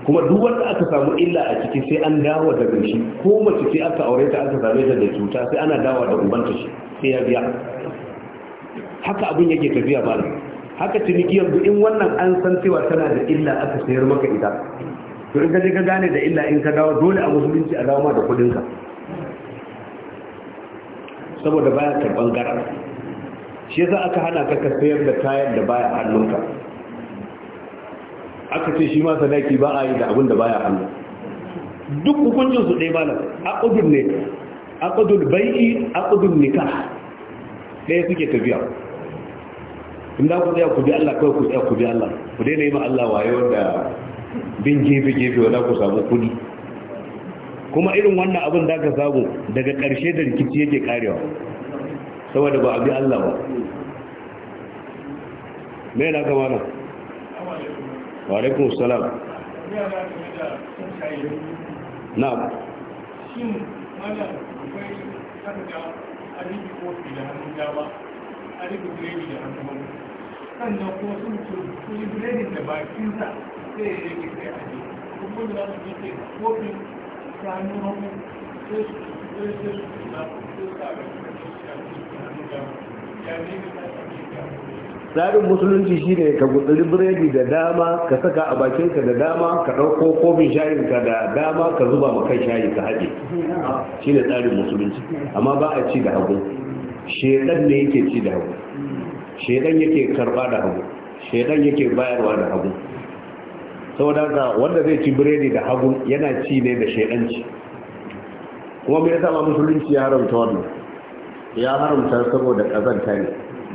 A: kuma duk wanda aka samu illa a ciki sai an dawo da gashi ko mace sai aka aure ta aka same ta da cuta sai ana dawo da ubanta shi sai ya biya haka abin yake tafiya ba haka ciniki yanzu in wannan an san cewa tana da illa aka sayar maka ita to in ka je ka gane da illa in ka dawo dole a musulunci a dawo ma da kudinka saboda baya ta gara shi za aka hana ka ka sayar da kayan da baya hannunka aka ce shi ma sadaki ba a yi da abin da baya hannu duk hukuncin su ɗaya a aqdul ne aqdul bai'i aqdul nika ɗaya suke tafiya in da ku tsaya ku bi Allah kawai ku tsaya ku bi Allah ku daina yi ma Allah wayo da bin gefe-gefe wadda ku samu kudi kuma irin wannan abin da ka samu daga ƙarshe da rikici yake karewa
C: saboda ba a bi Allah ba
A: Me na gama nan wa alaikun salam
C: na
B: shin mana akwai kanka a rikin kofi da hannun dama a rikin gredi da hannun sannan ko sun ce kuli biredin da bakinsa
A: tsarin musulunci shi ne ka gutsuri biredi da dama ka saka a bakinka da dama ka ɗauko kofin shayinka da dama ka zuba ma shayi ka haɗe shi ne tsarin musulunci amma ba a ci da hagu shedan ne yake ci da hagu shedan yake karba da hagu shedan yake bayarwa da hagu saboda wanda zai ci biredi da hagu yana ci ne da shaidanci. kuma mai zama musulunci ya haramta wannan ya haramta saboda kazanta ne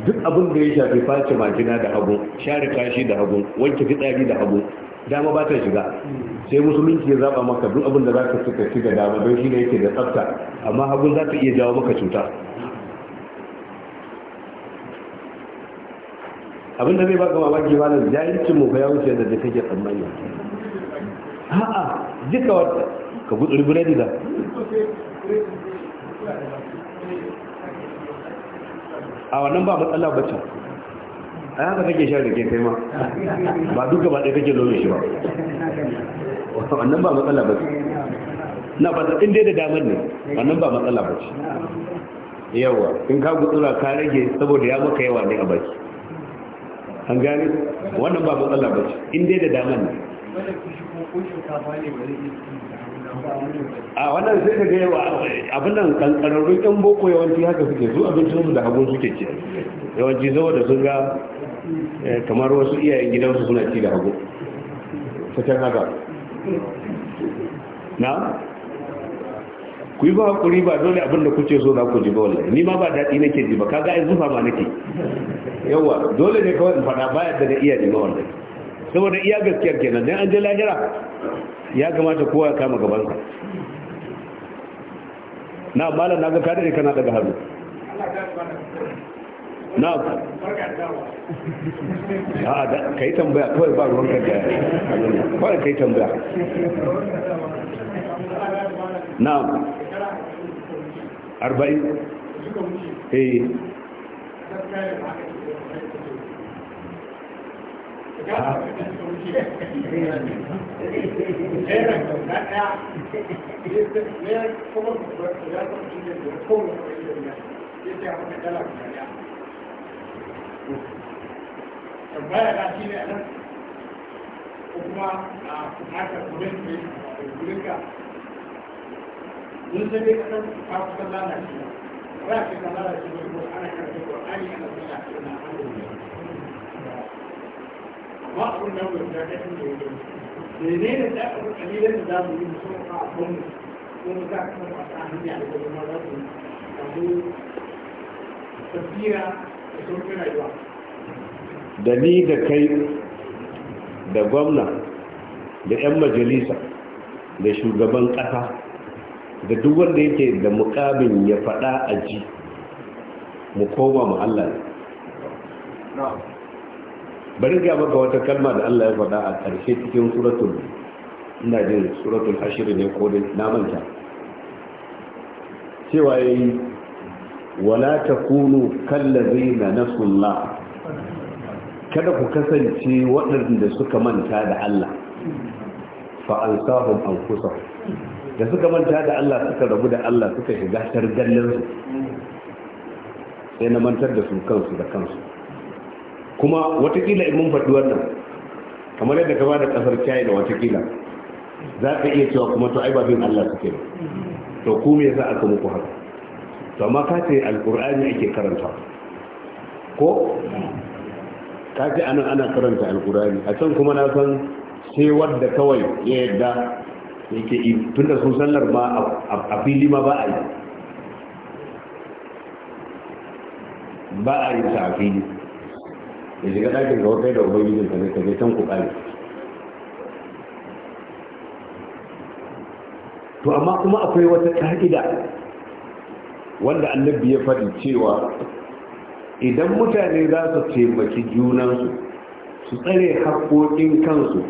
A: duk abin da ya shafi face majina da hagu share kashi da hagu wanke fitsari da hagu dama ba ta shiga sai musulunci ya zaba maka duk abin da za ka suka shiga dama don shi ne yake da tsafta amma hagu za ta iya jawo maka cuta abin da zai baka mamaki ba nan jahilcin mu ya wuce da kake tsammani
C: a'a jika wata
A: ka gudu biredi da a wannan ba matsala bacci a yaka kake shan rike kai ma ba duka ba ɗaya kake lome shi ba
C: wannan ba matsala bacci na ba
A: inda da damar ne wannan ba matsala bacci yawa in ka gutsura ka rage saboda ya maka yawa ne a baki an gani wannan ba matsala ba ce in dai da daman ne
C: a wannan sai ka gaya wa abin nan
A: kankararrun yan boko yawanci haka suke su abincinsu da hagun suke ce yawanci zuwa da sun ga eh, kamar wasu iyayen gidansu suna ci da hagu fitar haka na ku yi ba hakuri ba dole abin da kuke so na ku ji ba wallahi ni ma ba daɗi nake ji ba kaga in zufa ma nake yawa dole ne kawai in faɗa ba yadda na iya ji ba wallahi saboda iya gaskiya kenan dan an je lahira ya kamata kowa ya kama sa na malam naga ka dade kana daga hannu na
D: a da kai tambaya kawai ba ruwan ka da
A: kawai kai tambaya na arba'in
C: eh
B: tambaya a nan ko ka mun san dai kasar ta kusan lalacewa ba ce ta lalacewa ko ana karfe ƙwarani ana sallah ko na amma abin da wani da ta tun da yake menene da aka kalilan da za mu yi mu so a kan ko mu za ka kuma a hanya da kuma za su samu tafira da sauƙin rayuwa
A: da ni da kai da gwamna da 'yan majalisa da shugaban ƙasa da duk wanda yake da mukamin ya faɗa a ji mu koma mu Allah ne bari ga maka wata kalma da Allah ya faɗa a ƙarshe cikin suratul ina jin suratul hashir ne ko da namanta cewa yayi wala takunu kallazina nasullah kada ku kasance waɗanda suka manta da Allah fa ansahum anfusahum da suka manta da Allah suka rabu da Allah suka shiga su sai na mantar da su kansu da kansu kuma watakila in mun faɗi wannan kamar yadda ka ba da ƙasar da watakila za ka iya cewa kuma to ai ba bin Allah suke ba to ku me za aka muku haka to amma ka ce alqur'ani ake karanta ko ka ce anan ana karanta alqur'ani a can kuma na san sai wanda kawai ya yadda yake yi tun da sun sallar ba a fili ma ba a yi ba a yi ta a fili da shiga ɗakin ga wata da ubangijin ka zai kaje can ku ƙari to amma kuma akwai wata ƙa'ida wanda annabi ya faɗi cewa idan mutane za su taimaki junansu su tsare haƙoƙin kansu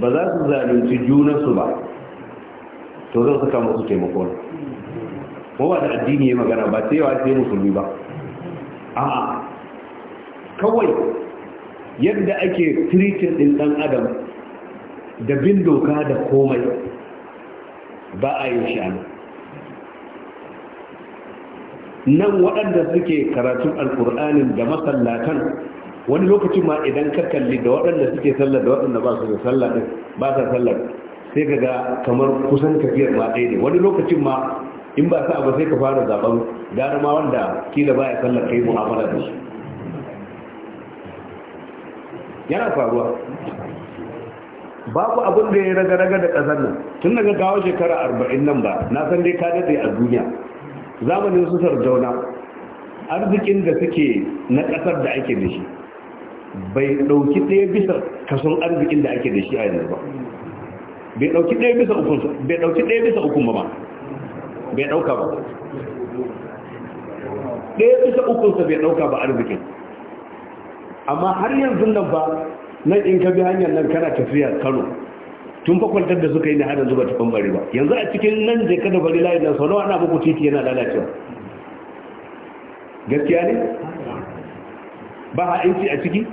A: ba za su zalunci junansu ba to zan saka masu taimako ko ba da addini ya magana ba sai yawa sai musulmi ba a'a kawai yadda ake treating din dan adam da bin doka da komai ba a yin an. nan waɗanda suke karatun alkur'anin da masallatan wani lokacin ma idan ka kalli da waɗanda suke sallar da waɗanda ba su da sallar ba sa sallar sai ga kamar kusan tafiyar ba ɗaya ne wani lokacin ma in ba sa abu sai ka fara zaɓen gara ma wanda kila baya sallar kai mu'amala da shi yana faruwa babu abin da ya raga-raga da ƙasar nan tun daga gawo shekara arba'in nan ba na san dai ka daɗe a duniya zamanin su sarjauna arzikin da suke na ƙasar da ake da shi bai ɗauki ɗaya bisa kason arzikin da ake da shi a yanzu ba bai dauki ɗaya bisa ukun bai dauki ɗaya bisa ukun ba bai dauka ba ɗaya bisa ukun sa bai dauka ba arzikin amma har yanzu nan ba nan in ka bi hanyar nan kana tafiya Kano tun fa kwantar da suka yi na hada zuba ta bari ba yanzu a cikin nan je kada bari layi da sau nawa ana muku titi yana lalacewa gaskiya ne ba a inci a ciki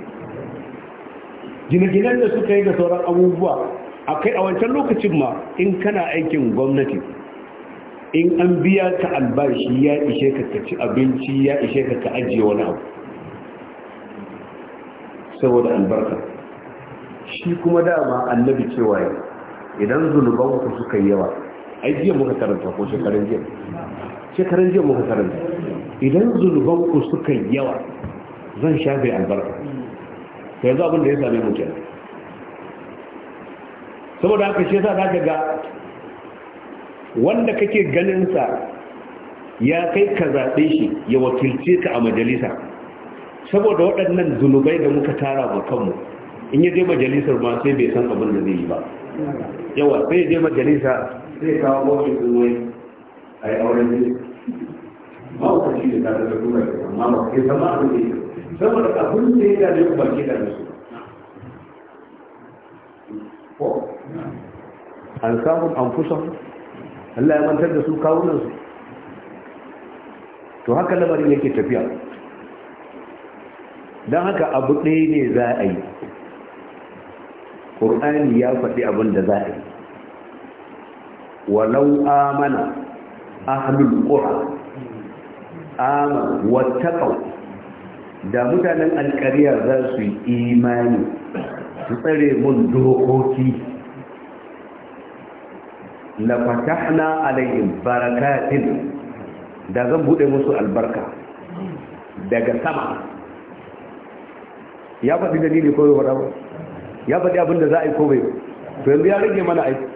A: gine-ginen da suka yi da sauran abubuwa akai a wancan lokacin ma in kana aikin gwamnati in an biya ta albashi ya ishe ka ka ci abinci ya ishe ka ka ajiye wani abu saboda albarka shi kuma dama annabi cewa idan zunuban ku suka yi yawa ai jiya muka karanta ko shekaran jiya shekaran jiya muka karanta idan zunuban ku suka yi yawa zan shafe albarka yanzu abin da ya same kenan saboda haka shi yasa zaka ga wanda kake ganin sa ya kai ka zaɓe shi ya wakilce ka a majalisa saboda waɗannan zunubai da muka tara ba kanmu in ya je majalisar ma sai bai san abin da zai yi ba yawa sai ya je majalisa
B: sai kawo gwamnati zunubai a yi auren ne ba ku shi
A: da ta da kuma amma ba kai zama abin da ya saboda abin da ya da ne ba ke da su an samu an Allah ya mantar da su kawunansu to haka lamarin yake tafiya don haka abu ɗaya ne za a yi ƙur'ani ya faɗi abin da za a yi walau amana ahlul qura wata ƙau da mutanen alƙariya za su yi imani su tsare mun dokoki la fatahna alaihim barakatin da zan bude musu albarka daga sama ya faɗi da dalili ko bai faɗa ya faɗi abin da za a yi ko bai to yanzu ya rage mana aiki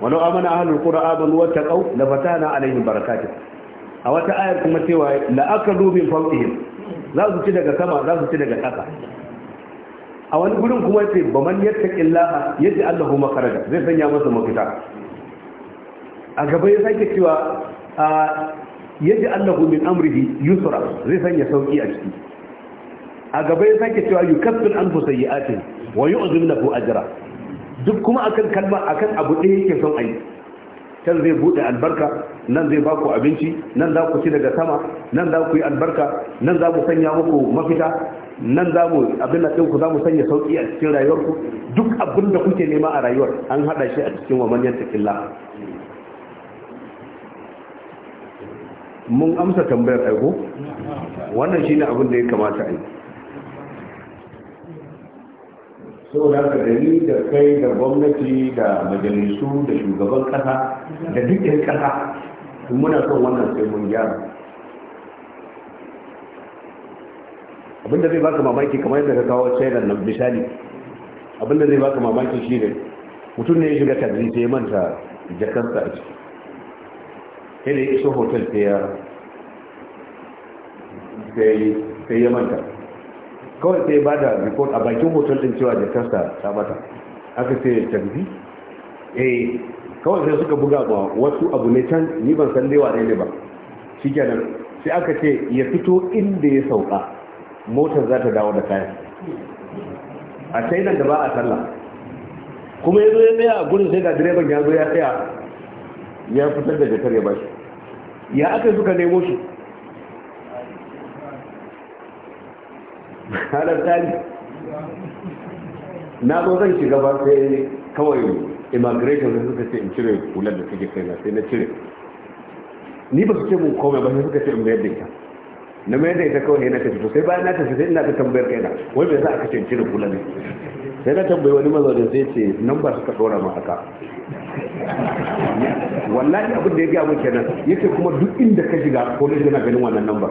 A: wani amana ahalul qura amanu wattaqau la fatahna alaihim barakatin a wata ayar kuma cewa la akalu min fawqihim za su ci daga sama za su ci daga ƙasa a wani gudun kuma ce ba man yadda ƙillaha yadda allahu makaraga zai sanya masa mafita a gaba ya sake cewa a yadda allahu min amrihi yusra zai sanya sauƙi a ciki a gaba ya sake cewa yukaffin an fusa yi ake wa yi na ko ajira duk kuma akan kalma akan abu ɗaya yake son aiki can zai bude albarka nan zai baku abinci nan za ku ci daga sama nan za ku yi albarka nan za mu sanya muku mafita nan za mu abin da ku za mu sanya sauki a cikin rayuwarku duk abin da kuke nema a rayuwar an haɗa shi a cikin wa manyan takilla mun amsa tambayar aiko wannan shi ne abin da ya kamata a yi saboda haka da ni da kai da gwamnati da majalisu da shugaban kasa da duk yan kasa muna son wannan sai mun gyara abinda zai baka mamaki kamar yadda ka kawo shaidar nan misali abinda zai baka mamaki shi ne mutum ne ya shiga taxi sai manta jakarta a ciki sai da ya iso hotel sai ya manta kawai sai ba da report a bakin hotel din cewa jakarta ta bata aka ce canji eh kawai sai suka buga ba wasu abu ne can ni ban san wane ne ba shikenan sai aka ce ya fito inda ya sauka motar za ta dawo da kayan a nan da ba a sallah kuma ya ya tsaya a gurin sai ga direban ya zo ya tsaya ya fitar da jakar ya bashi ya aka suka nemo shi halar tari na zo zan shiga ba sai kawai immigration da suka ce in cire hular da suke kai na sai na cire ni ba su ce mun komai ba sai suka ce in mayar da ita na mayar da ita kawai na tafi to sai bayan na tafi sai ina ta tambayar kai na wai bai za a kace in cire hular ne sai na tambayi wani mazaunin sai ce nan ba suka dora ma haka wallahi abin da ya gaya mun kenan yake kuma duk inda ka shiga ko ne yana ganin wannan lambar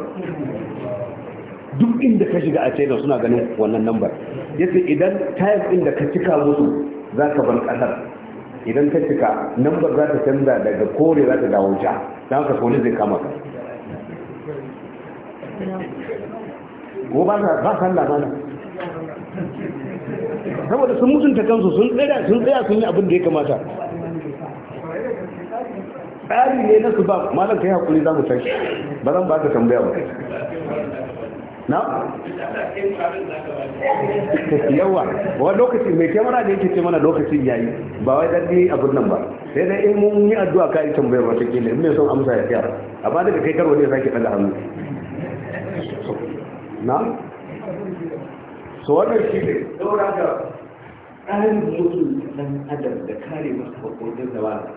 A: duk inda ka shiga a china suna ganin wannan lambar yace idan time inda da ka cika musu za ka bar kasar idan ka cika lambar za ta canza daga kore za ta dawo ja don ka kone zai kama
C: ka ko ba sa
A: ba san labana
C: saboda sun mutunta kansu sun tsaya sun tsaya sun yi abin da ya kamata tsari ne na su ba malam kai hakuri za mu tashi ba zan ba ka tambaya ba na yawa wa
A: lokaci mai mana da yake ce mana lokacin yayi ba wai dan abin nan ba sai dai in mun yi addu'a ka yi tambayar wata kila in mai son amsa ya fiya amma daga kai karo ne sake ɗaga hannu na
C: so wannan shi ne saboda haka tsarin mutum dan adam da kare masa hakokin da ba